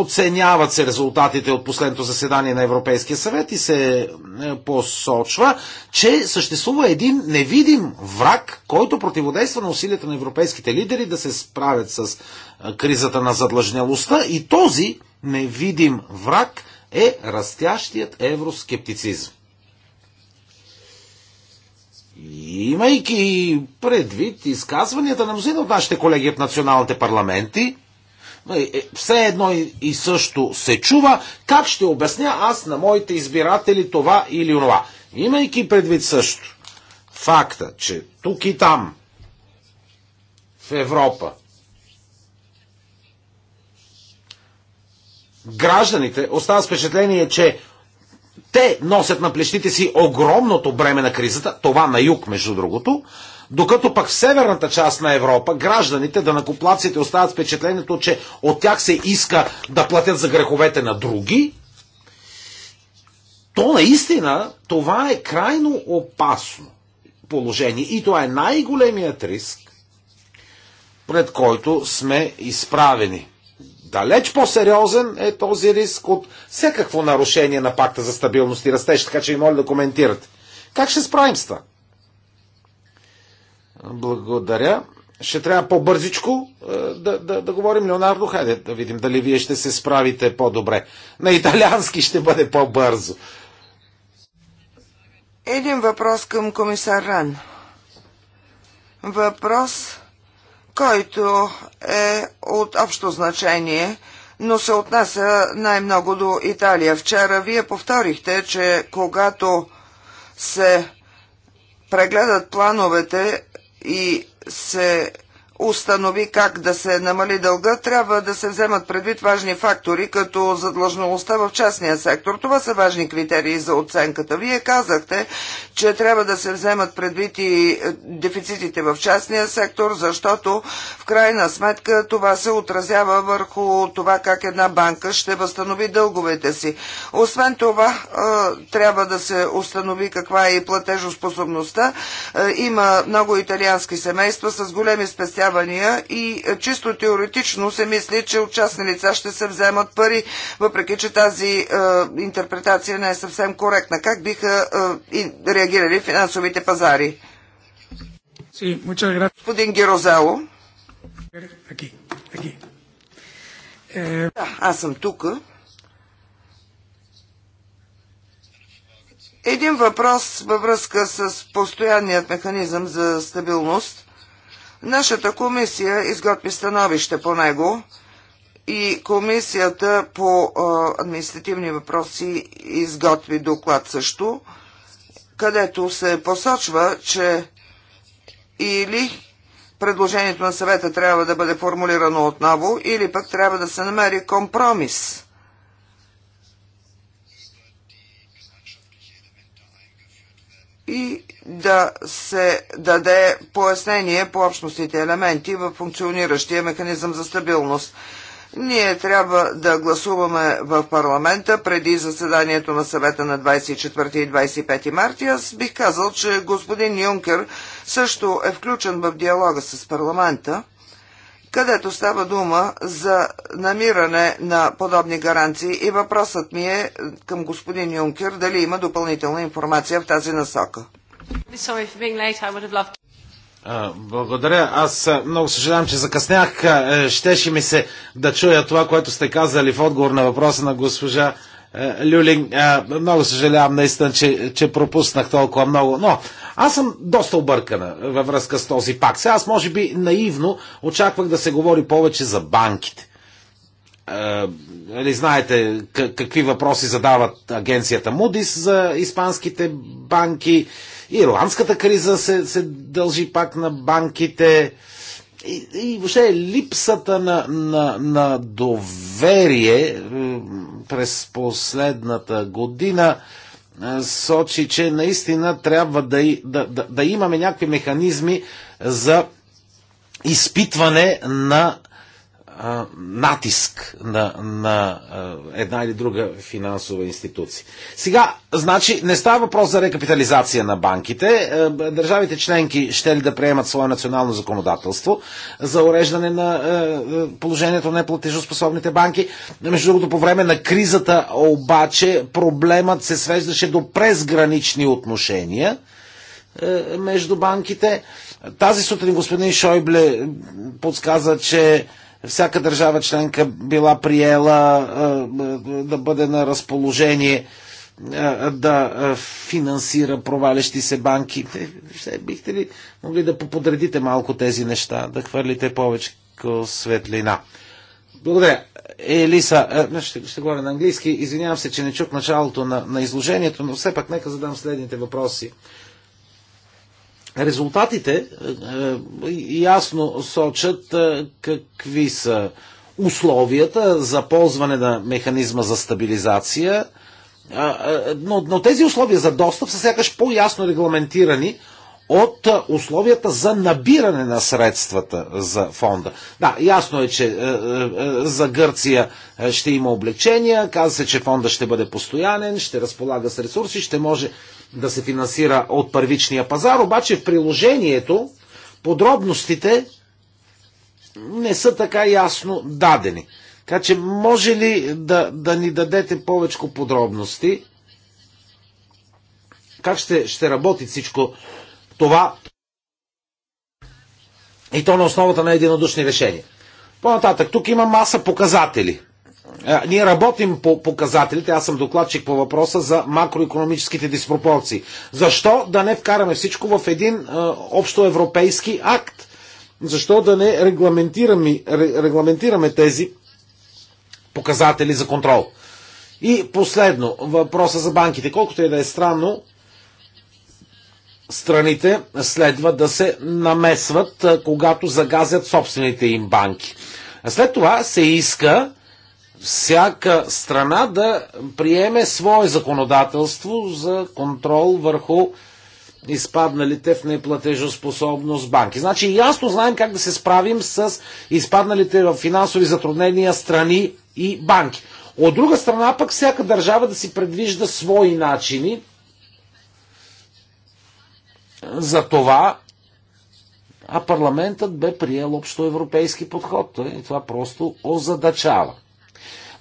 оценяват се резултатите от последното заседание на Европейския съвет и се е, посочва, че съществува един невидим враг, който противодейства на усилията на европейските лидери да се справят с кризата на задлъжнялостта и този невидим враг е растящият евроскептицизм имайки предвид изказванията на мнозина от нашите колеги от националните парламенти, е, все едно и също се чува, как ще обясня аз на моите избиратели това или онова. Имайки предвид също факта, че тук и там, в Европа, гражданите остават впечатление, че те носят на плещите си огромното бреме на кризата, това на юг, между другото, докато пък в северната част на Европа гражданите, да накоплаците остават впечатлението, че от тях се иска да платят за греховете на други, то наистина това е крайно опасно положение и това е най-големият риск, пред който сме изправени. Далеч по-сериозен е този риск от всякакво нарушение на пакта за стабилност и растеж, така че ви моля да коментирате. Как ще справим с това? Благодаря. Ще трябва по-бързичко е, да, да, да говорим, Леонардо. Хайде да видим дали вие ще се справите по-добре. На италиански ще бъде по-бързо. Един въпрос към комисар Ран. Въпрос който е от общо значение, но се отнася най-много до Италия. Вчера вие повторихте, че когато се прегледат плановете и се установи как да се намали дълга, трябва да се вземат предвид важни фактори, като задлъжнолостта в частния сектор. Това са важни критерии за оценката. Вие казахте, че трябва да се вземат предвид и е, дефицитите в частния сектор, защото в крайна сметка това се отразява върху това как една банка ще възстанови дълговете си. Освен това, е, трябва да се установи каква е и платежоспособността. Е, има много италиански семейства с големи специални заболявания и е, чисто теоретично се мисли, че от частни лица ще се вземат пари, въпреки че тази е, интерпретация не е съвсем коректна. Как биха е, реагирали финансовите пазари? Sí, muchas gracias. Господин Герозало. Aquí, aquí. Eh... Да, аз съм тук. Един въпрос във връзка с постоянният механизъм за стабилност. Нашата комисия изготви становище по него и комисията по административни въпроси изготви доклад също, където се посочва, че или предложението на съвета трябва да бъде формулирано отново, или пък трябва да се намери компромис. И да се даде пояснение по общностите елементи в функциониращия механизъм за стабилност. Ние трябва да гласуваме в парламента преди заседанието на съвета на 24 и 25 марта. Аз бих казал, че господин Юнкер също е включен в диалога с парламента, където става дума за намиране на подобни гаранции и въпросът ми е към господин Юнкер дали има допълнителна информация в тази насока. Благодаря. Аз много съжалявам, че закъснях. Е, щеше ми се да чуя това, което сте казали в отговор на въпроса на госпожа е, Люлин. Много съжалявам наистина, че, че пропуснах толкова много. Но аз съм доста объркана във връзка с този пак. Сега аз може би наивно очаквах да се говори повече за банките. Или нали, знаете какви въпроси задават агенцията Мудис за испанските банки. Ирландската криза се, се дължи пак на банките. И, и въобще липсата на, на, на доверие през последната година сочи, че наистина трябва да, да, да, да имаме някакви механизми за изпитване на натиск на, на една или друга финансова институция. Сега, значи, не става въпрос за рекапитализация на банките. Е, държавите членки ще ли да приемат свое национално законодателство за уреждане на е, е, положението на неплатежоспособните банки? Между другото, по време на кризата обаче проблемът се свеждаше до презгранични отношения между банките. Тази сутрин господин Шойбле подсказа, че всяка държава членка била приела да бъде на разположение да финансира провалящи се банки. Бихте ли могли да поподредите малко тези неща, да хвърлите повече светлина? Благодаря. Елиса, ще, ще говоря на английски. Извинявам се, че не чух началото на, на изложението, но все пак нека задам следните въпроси. Резултатите е, е, ясно сочат е, какви са условията за ползване на механизма за стабилизация, но, но тези условия за достъп са сякаш по-ясно регламентирани от условията за набиране на средствата за фонда. Да, ясно е, че е, е, е, за Гърция ще има облегчения, каза се, че фонда ще бъде постоянен, ще разполага с ресурси, ще може да се финансира от първичния пазар, обаче в приложението подробностите не са така ясно дадени. Така че може ли да, да ни дадете повече подробности? Как ще, ще работи всичко това и то на основата на единодушни решения. По-нататък, тук има маса показатели. Ние работим по показателите, аз съм докладчик по въпроса за макроекономическите диспропорции. Защо да не вкараме всичко в един е, общоевропейски акт? Защо да не регламентираме, регламентираме тези показатели за контрол? И последно, въпроса за банките. Колкото и е да е странно, страните следва да се намесват, когато загазят собствените им банки. След това се иска всяка страна да приеме свое законодателство за контрол върху изпадналите в неплатежоспособност банки. Значи ясно знаем как да се справим с изпадналите в финансови затруднения страни и банки. От друга страна пък всяка държава да си предвижда свои начини – за това, а парламентът бе приел общо европейски подход. И е това просто озадачава.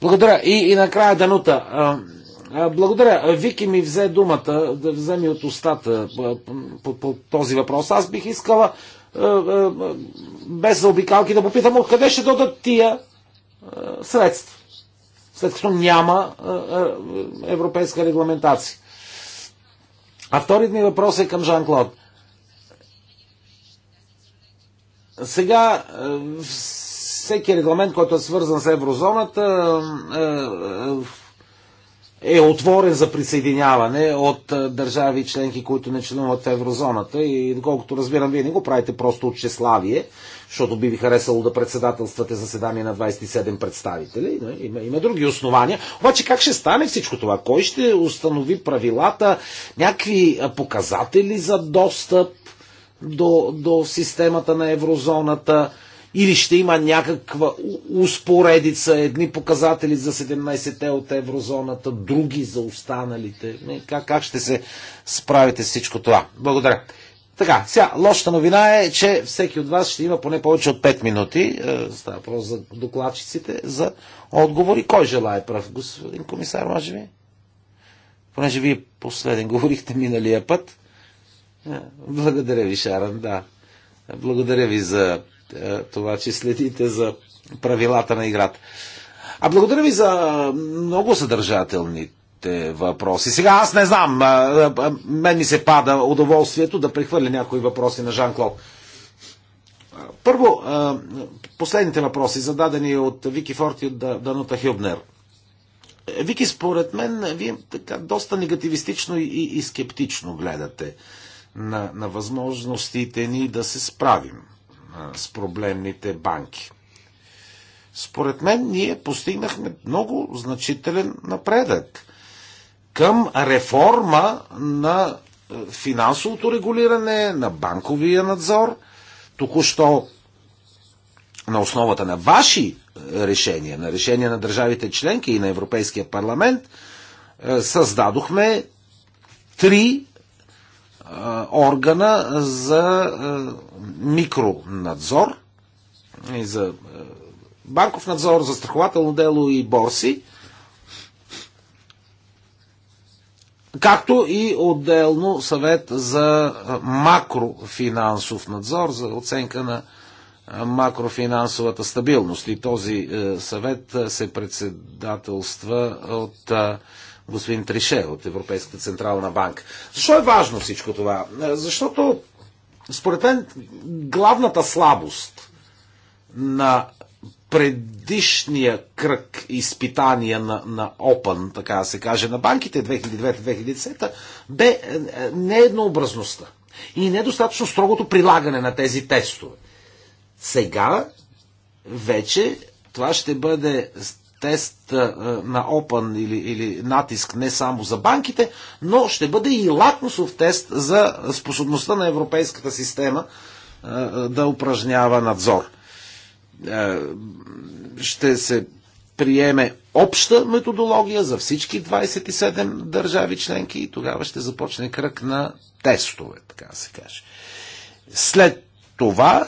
Благодаря. И, и накрая, Данута, а, а, благодаря. Вики ми взе думата да вземи от устата по, по, по този въпрос. Аз бих искала а, без заобикалки да попитам откъде ще додат тия средства, след като няма европейска регламентация. А вторият ми въпрос е към Жан-Клод. Сега е, всеки регламент, който е свързан с еврозоната, е, е, е отворен за присъединяване от държави членки, които не членуват в еврозоната. И доколкото разбирам, вие не го правите просто от чеславие, защото би ви харесало да председателствате заседание на 27 представители. Има, има други основания. Обаче как ще стане всичко това? Кой ще установи правилата, някакви показатели за достъп? до, до системата на еврозоната или ще има някаква успоредица, едни показатели за 17-те от еврозоната, други за останалите. Как, как ще се справите с всичко това? Благодаря. Така, сега, лошата новина е, че всеки от вас ще има поне повече от 5 минути, е, става въпрос за докладчиците, за отговори. Кой желая прав? Господин комисар, може би? Понеже вие последен [laughs] говорихте миналия път. Благодаря ви, Шаран, да. Благодаря ви за е, това, че следите за правилата на играта. А благодаря ви за много съдържателните въпроси. Сега аз не знам, е, е, мен ми се пада удоволствието да прехвърля някои въпроси на Жан-Клод. Първо, последните въпроси, зададени от Вики Форт и от Данута Хюбнер. Вики, според мен, вие така доста негативистично и, и скептично гледате на, на възможностите ни да се справим с проблемните банки. Според мен ние постигнахме много значителен напредък към реформа на е, финансовото регулиране, на банковия надзор. Току-що на основата на ваши е, решения, на решения на държавите членки и на Европейския парламент, е, създадохме три органа за микронадзор и за банков надзор, за страхователно дело и борси, както и отделно съвет за макрофинансов надзор, за оценка на макрофинансовата стабилност. И този съвет се председателства от господин Трише от Европейската централна банка. Защо е важно всичко това? Е, защото, според мен, главната слабост на предишния кръг изпитания на, на Open, така да се каже, на банките 2009-2010, бе е, е, нееднообразността и недостатъчно строгото прилагане на тези тестове. Сега вече това ще бъде тест на опън или, или натиск не само за банките, но ще бъде и лакмусов тест за способността на европейската система да упражнява надзор. Ще се приеме обща методология за всички 27 държави членки и тогава ще започне кръг на тестове, така се каже. След това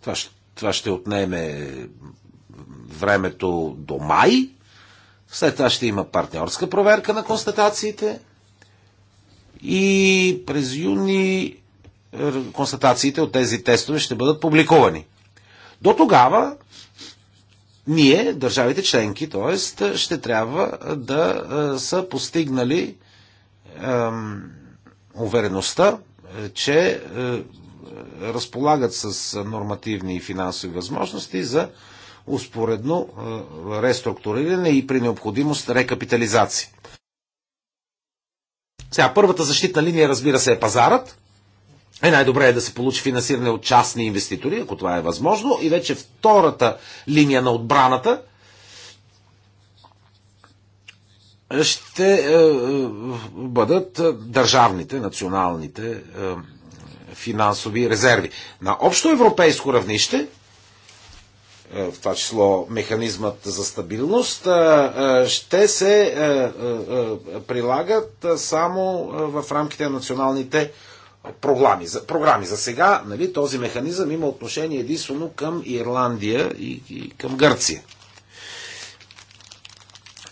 Това ще, това ще отнеме времето до май. След това ще има партньорска проверка на констатациите. И през юни е, констатациите от тези тестове ще бъдат публикувани. До тогава ние, държавите членки, т.е. ще трябва да е, са постигнали ем, увереността, е, че разполагат с нормативни и финансови възможности за успоредно реструктуриране и при необходимост рекапитализация. Сега, първата защитна линия, разбира се, е пазарът. Е най-добре е да се получи финансиране от частни инвеститори, ако това е възможно. И вече втората линия на отбраната ще е, е, бъдат държавните, националните е, финансови резерви. На общо европейско равнище, е, в това число механизмът за стабилност, е, е, ще се прилагат само в рамките на националните програми. За, програми. за сега нали, този механизъм има отношение единствено към Ирландия и, и към Гърция.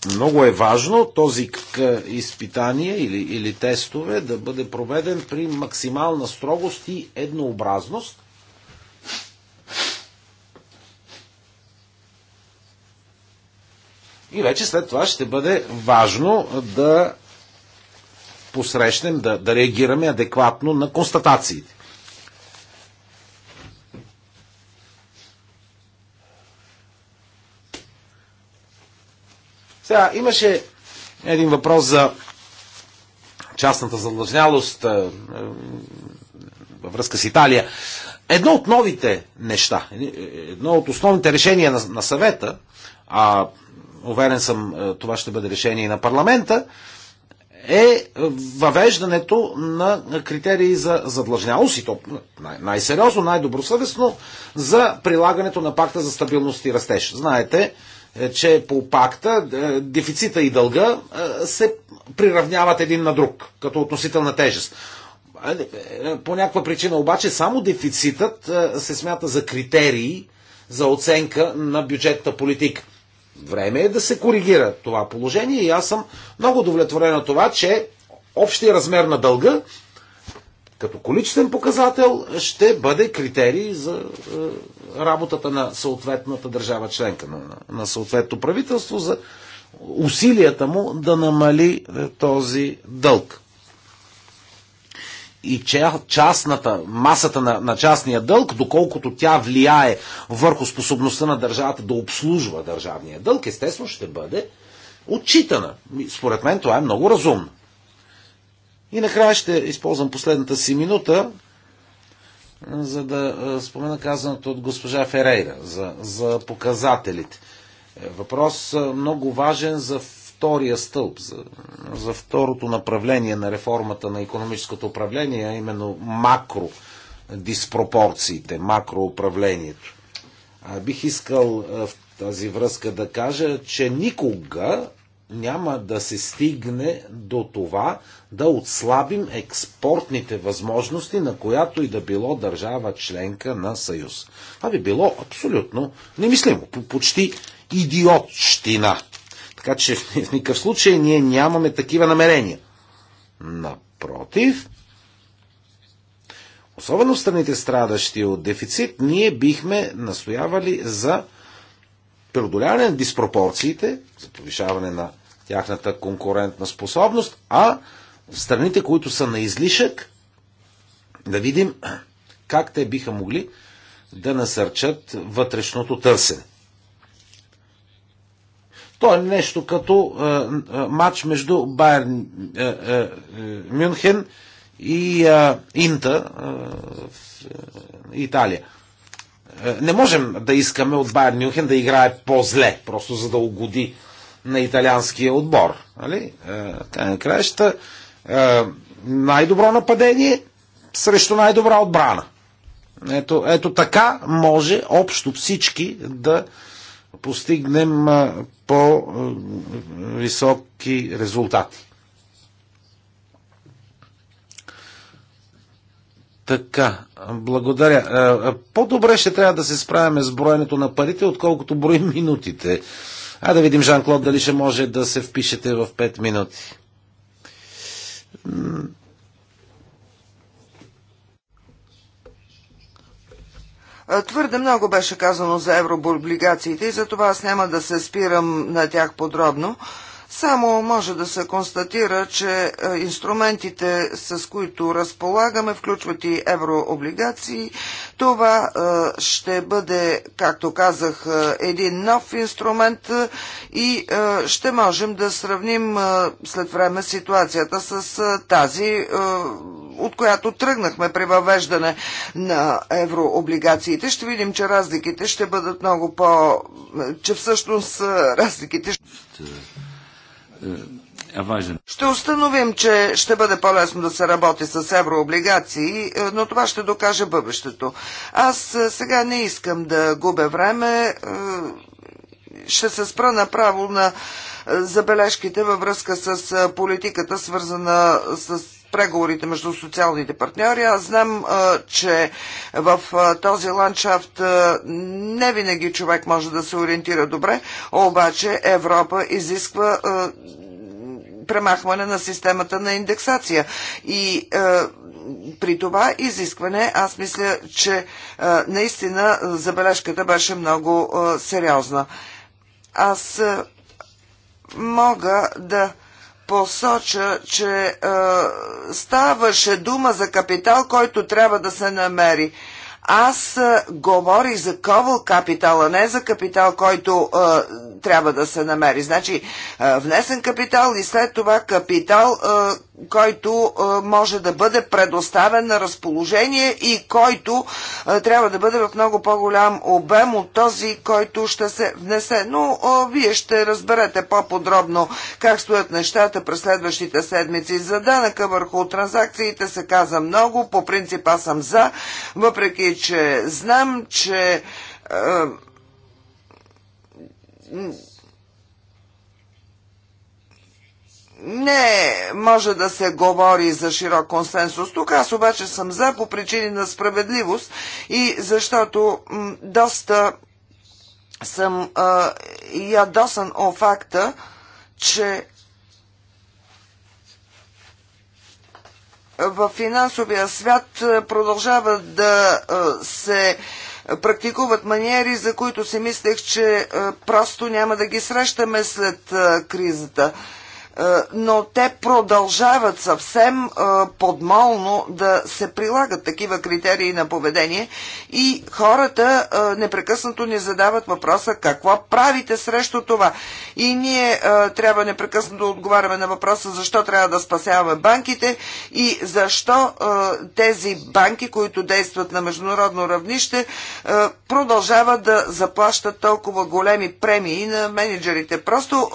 Много е важно този изпитание или, или тестове да бъде проведен при максимална строгост и еднообразност. И вече след това ще бъде важно да посрещнем, да, да реагираме адекватно на констатациите. Сега имаше един въпрос за частната задлъжнялост е, е, във връзка с Италия. Едно от новите неща, е, едно от основните решения на, на съвета, а уверен съм това ще бъде решение и на парламента, е въвеждането на критерии за задлъжнялост и то най-сериозно, най-добросъвестно за прилагането на пакта за стабилност и растеж. Знаете, е, че по пакта е, дефицита и дълга е, се приравняват един на друг, като относителна тежест. По някаква причина обаче само дефицитът се смята за критерии за оценка на бюджетната политика. Време е да се коригира това положение и аз съм много удовлетворен на това, че общия размер на дълга като количествен показател ще бъде критерий за е, работата на съответната държава членка, на, на съответното правителство за усилията му да намали е, този дълг. И частната, масата на, на частния дълг, доколкото тя влияе върху способността на държавата да обслужва държавния дълг, естествено ще бъде отчитана. Според мен това е много разумно. И накрая ще използвам последната си минута, за да спомена казаното от госпожа Ферейра за, за показателите. Е, въпрос много важен за втория стълб, за, за второто направление на реформата на економическото управление, а именно макро макроуправлението. бих искал в тази връзка да кажа, че никога няма да се стигне до това да отслабим експортните възможности на която и да било държава членка на Съюз. Това би било абсолютно немислимо, почти идиотщина. Така че [laughs] в никакъв случай ние нямаме такива намерения. Напротив, особено в страните страдащи от дефицит, ние бихме настоявали за преодоляване на диспропорциите, за повишаване на тяхната конкурентна способност, а страните, които са на излишък, да видим как те биха могли да насърчат вътрешното търсене. То е нещо като е, е матч между Байер е, е, е Мюнхен и е, Инта е, в е, Италия. Е, не можем да искаме от Байер Нюхен да играе по-зле, просто за да угоди на италианския отбор. Нали? Е, на краища е, най-добро нападение срещу най-добра отбрана. Ето, ето така може общо всички да постигнем по-високи резултати. Така, благодаря. Е, е, по-добре ще трябва да се справяме с броенето на парите, отколкото броим минутите. А да видим, Жан-Клод, дали ще може да се впишете в 5 минути. Е, твърде много беше казано за еврооблигациите и затова аз няма да се спирам на тях подробно. Само може да се констатира, че е, инструментите, с които разполагаме, включват и еврооблигации. Това е, ще бъде, както казах, е, един нов инструмент и ще можем да сравним след време ситуацията с тази, от която тръгнахме при въвеждане на еврооблигациите. Ще видим, че разликите ще бъдат много по... че всъщност разликите ще... Е, е ще установим, че ще бъде по-лесно да се работи с еврооблигации, е, но това ще докаже бъдещето. Аз сега не искам да губя време. Ще се спра направо на забележките във връзка с политиката, свързана с преговорите между социалните партньори. Аз знам, че в този ландшафт не винаги човек може да се ориентира добре, обаче Европа изисква премахване на системата на индексация. И е, при това изискване аз мисля, че е, наистина забележката беше много е, сериозна. Аз е, мога да. Е, посоча, че е, ставаше дума за капитал, който трябва да се намери. Аз говори за ковал капитал, а не за капитал, който а, трябва да се намери. Значи, а, внесен капитал и след това капитал, а, който а, може да бъде предоставен на разположение и който а, трябва да бъде в много по-голям обем от този, който ще се внесе. Но а, вие ще разберете по-подробно как стоят нещата през следващите седмици. За данъка върху транзакциите се каза много. По принцип аз съм за, въпреки че знам, че а, не може да се говори за широк консенсус. Тук аз обаче съм за по причини на справедливост и защото м, доста съм а, ядосан о факта, че в финансовия свят е, продължава да е, се практикуват маниери, за които си мислех, че е, просто няма да ги срещаме след кризата. Е, но те продължават съвсем е, подмолно да се прилагат такива критерии на поведение и хората е, непрекъснато ни задават въпроса какво правите срещу това. И ние трябва непрекъснато да отговаряме на въпроса защо трябва да спасяваме банките и защо тези банки, които действат на международно равнище, продължават да заплащат толкова големи премии на менеджерите. Просто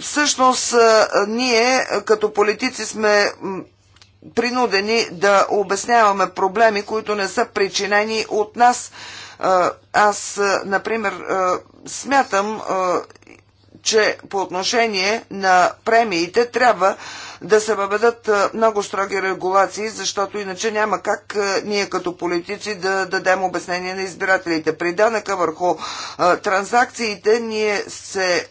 всъщност ние като политици сме принудени да обясняваме проблеми, които не са причинени от нас. Аз, например, смятам, че по отношение на премиите трябва да се въведат много строги регулации, защото иначе няма как ние като политици да дадем обяснение на избирателите. При данъка върху транзакциите ние се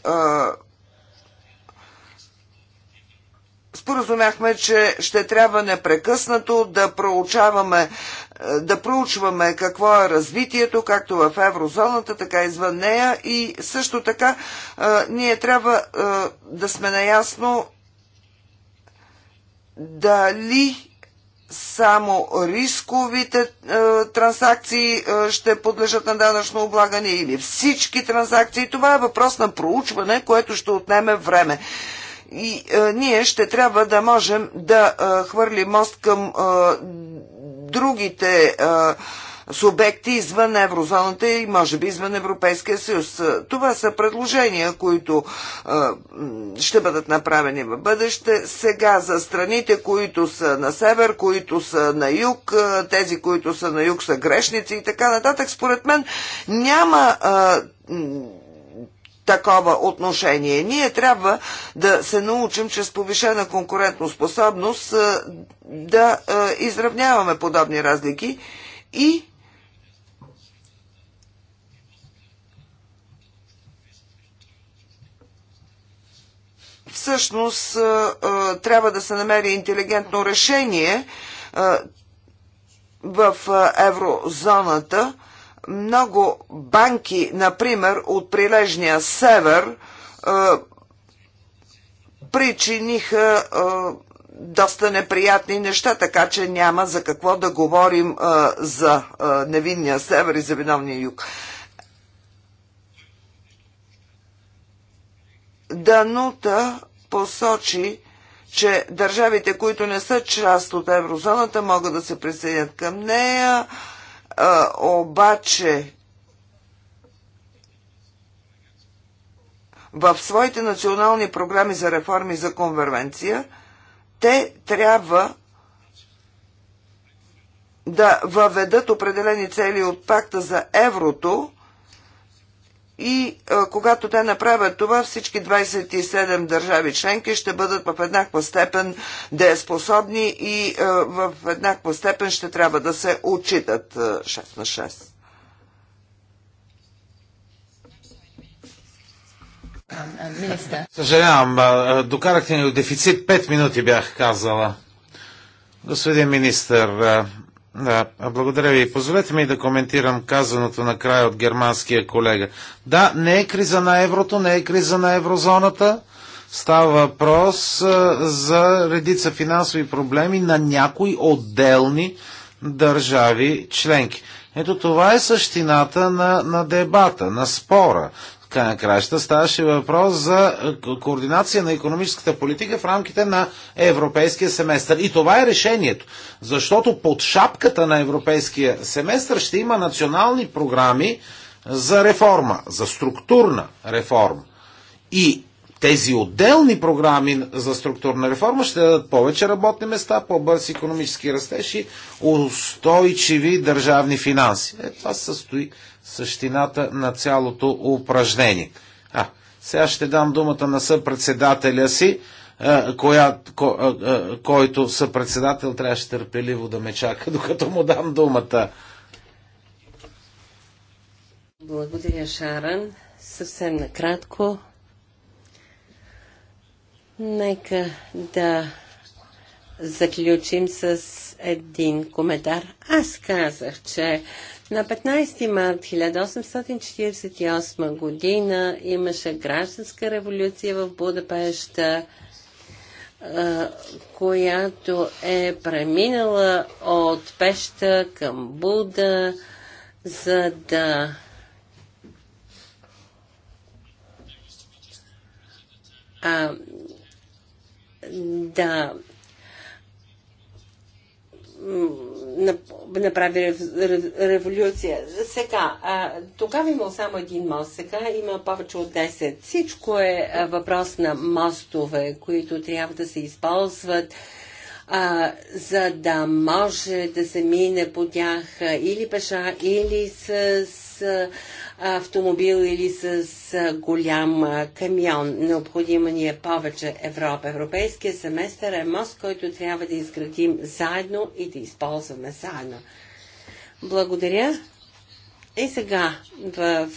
споразумяхме, че ще трябва непрекъснато да проучаваме да проучваме какво е развитието, както в еврозоната, така и извън нея и също така ние трябва да сме наясно дали само рисковите е, транзакции е, ще подлежат на данъчно облагане или всички транзакции. Това е въпрос на проучване, което ще отнеме време. И е, ние ще трябва да можем да е, хвърли мост към е, другите. Е, субекти извън еврозоната и може би извън Европейския съюз. Това са предложения, които ще бъдат направени в бъдеще. Сега за страните, които са на север, които са на юг, тези, които са на юг са грешници и така нататък, според мен няма такова отношение. Ние трябва да се научим чрез повишена конкурентоспособност да изравняваме подобни разлики и всъщност трябва да се намери интелигентно решение в еврозоната. Много банки, например, от прилежния север, причиниха доста неприятни неща, така че няма за какво да говорим за невинния север и за виновния юг. Данута посочи, че държавите, които не са част от еврозоната, могат да се присъединят към нея, а, обаче в своите национални програми за реформи за конвервенция, те трябва да въведат определени цели от пакта за еврото, и а, когато те направят това, всички 27 държави членки ще бъдат в еднаква степен дееспособни и а, в еднаква степен ще трябва да се отчитат а, 6 на 6. Министър. Съжалявам, докарахте ни до дефицит. Пет минути бях казала. Господин министър, да, благодаря ви. Позволете ми да коментирам казаното накрая от германския колега. Да, не е криза на еврото, не е криза на еврозоната. Става въпрос за редица финансови проблеми на някои отделни държави членки. Ето това е същината на, на дебата, на спора край на краща ставаше въпрос за е, координация на економическата политика в рамките на европейския семестър. И това е решението, защото под шапката на европейския семестър ще има национални програми за реформа, за структурна реформа. И тези отделни програми за структурна реформа ще дадат повече работни места, по-бърз економически растеж и устойчиви държавни финанси. Е, това се състои същината на цялото упражнение. А, сега ще дам думата на съпредседателя си, коя, ко, който съпредседател трябваше търпеливо да ме чака, [laughs] докато му дам думата. Благодаря, Шаран. Съвсем накратко. Нека да заключим с един коментар. Аз казах, че на 15 март 1848 година имаше гражданска революция в Будапешта, която е преминала от Пеща към Буда, за да а, да направи революция. Сега, тогава има само един мост, сега има повече от 10. Всичко е въпрос на мостове, които трябва да се използват а, за да може да се мине по тях или пеша, или с, с автомобил или с голям камион. Необходима ни е повече Европа. Европейския семестър е мост, който трябва да изградим заедно и да използваме заедно. Благодаря. И сега в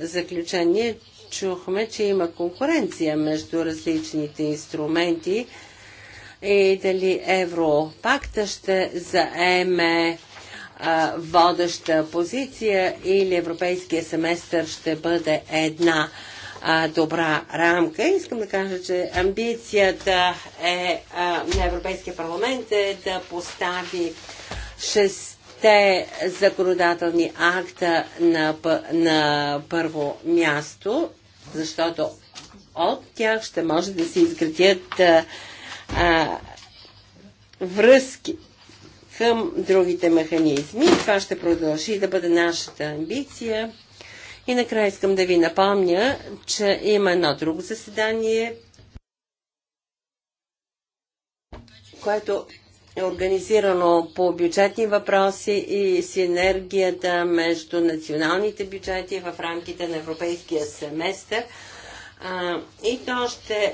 заключение чухме, че има конкуренция между различните инструменти и дали Европакта ще заеме водеща позиция или европейския семестър ще бъде една а, добра рамка. Искам да кажа, че амбицията е, а, на Европейския парламент е да постави шесте законодателни акта на, на първо място, защото от тях ще може да се изградят а, а, връзки към другите механизми. Това ще продължи да бъде нашата амбиция. И накрая искам да ви напомня, че има едно друго заседание, което е организирано по бюджетни въпроси и синергията между националните бюджети в рамките на европейския семестър. И то ще е,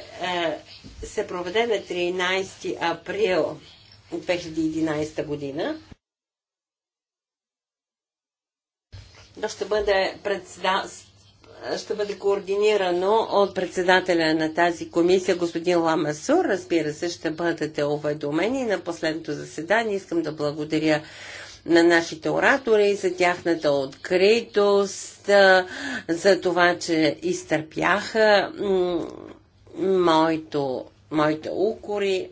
се проведе на 13 април от 2011 година. То ще бъде, председа... ще бъде координирано от председателя на тази комисия, господин Ламасур. Разбира се, ще бъдете уведомени на последното заседание. Искам да благодаря на нашите оратори, за тяхната откритост, за това, че изтърпяха моите укори.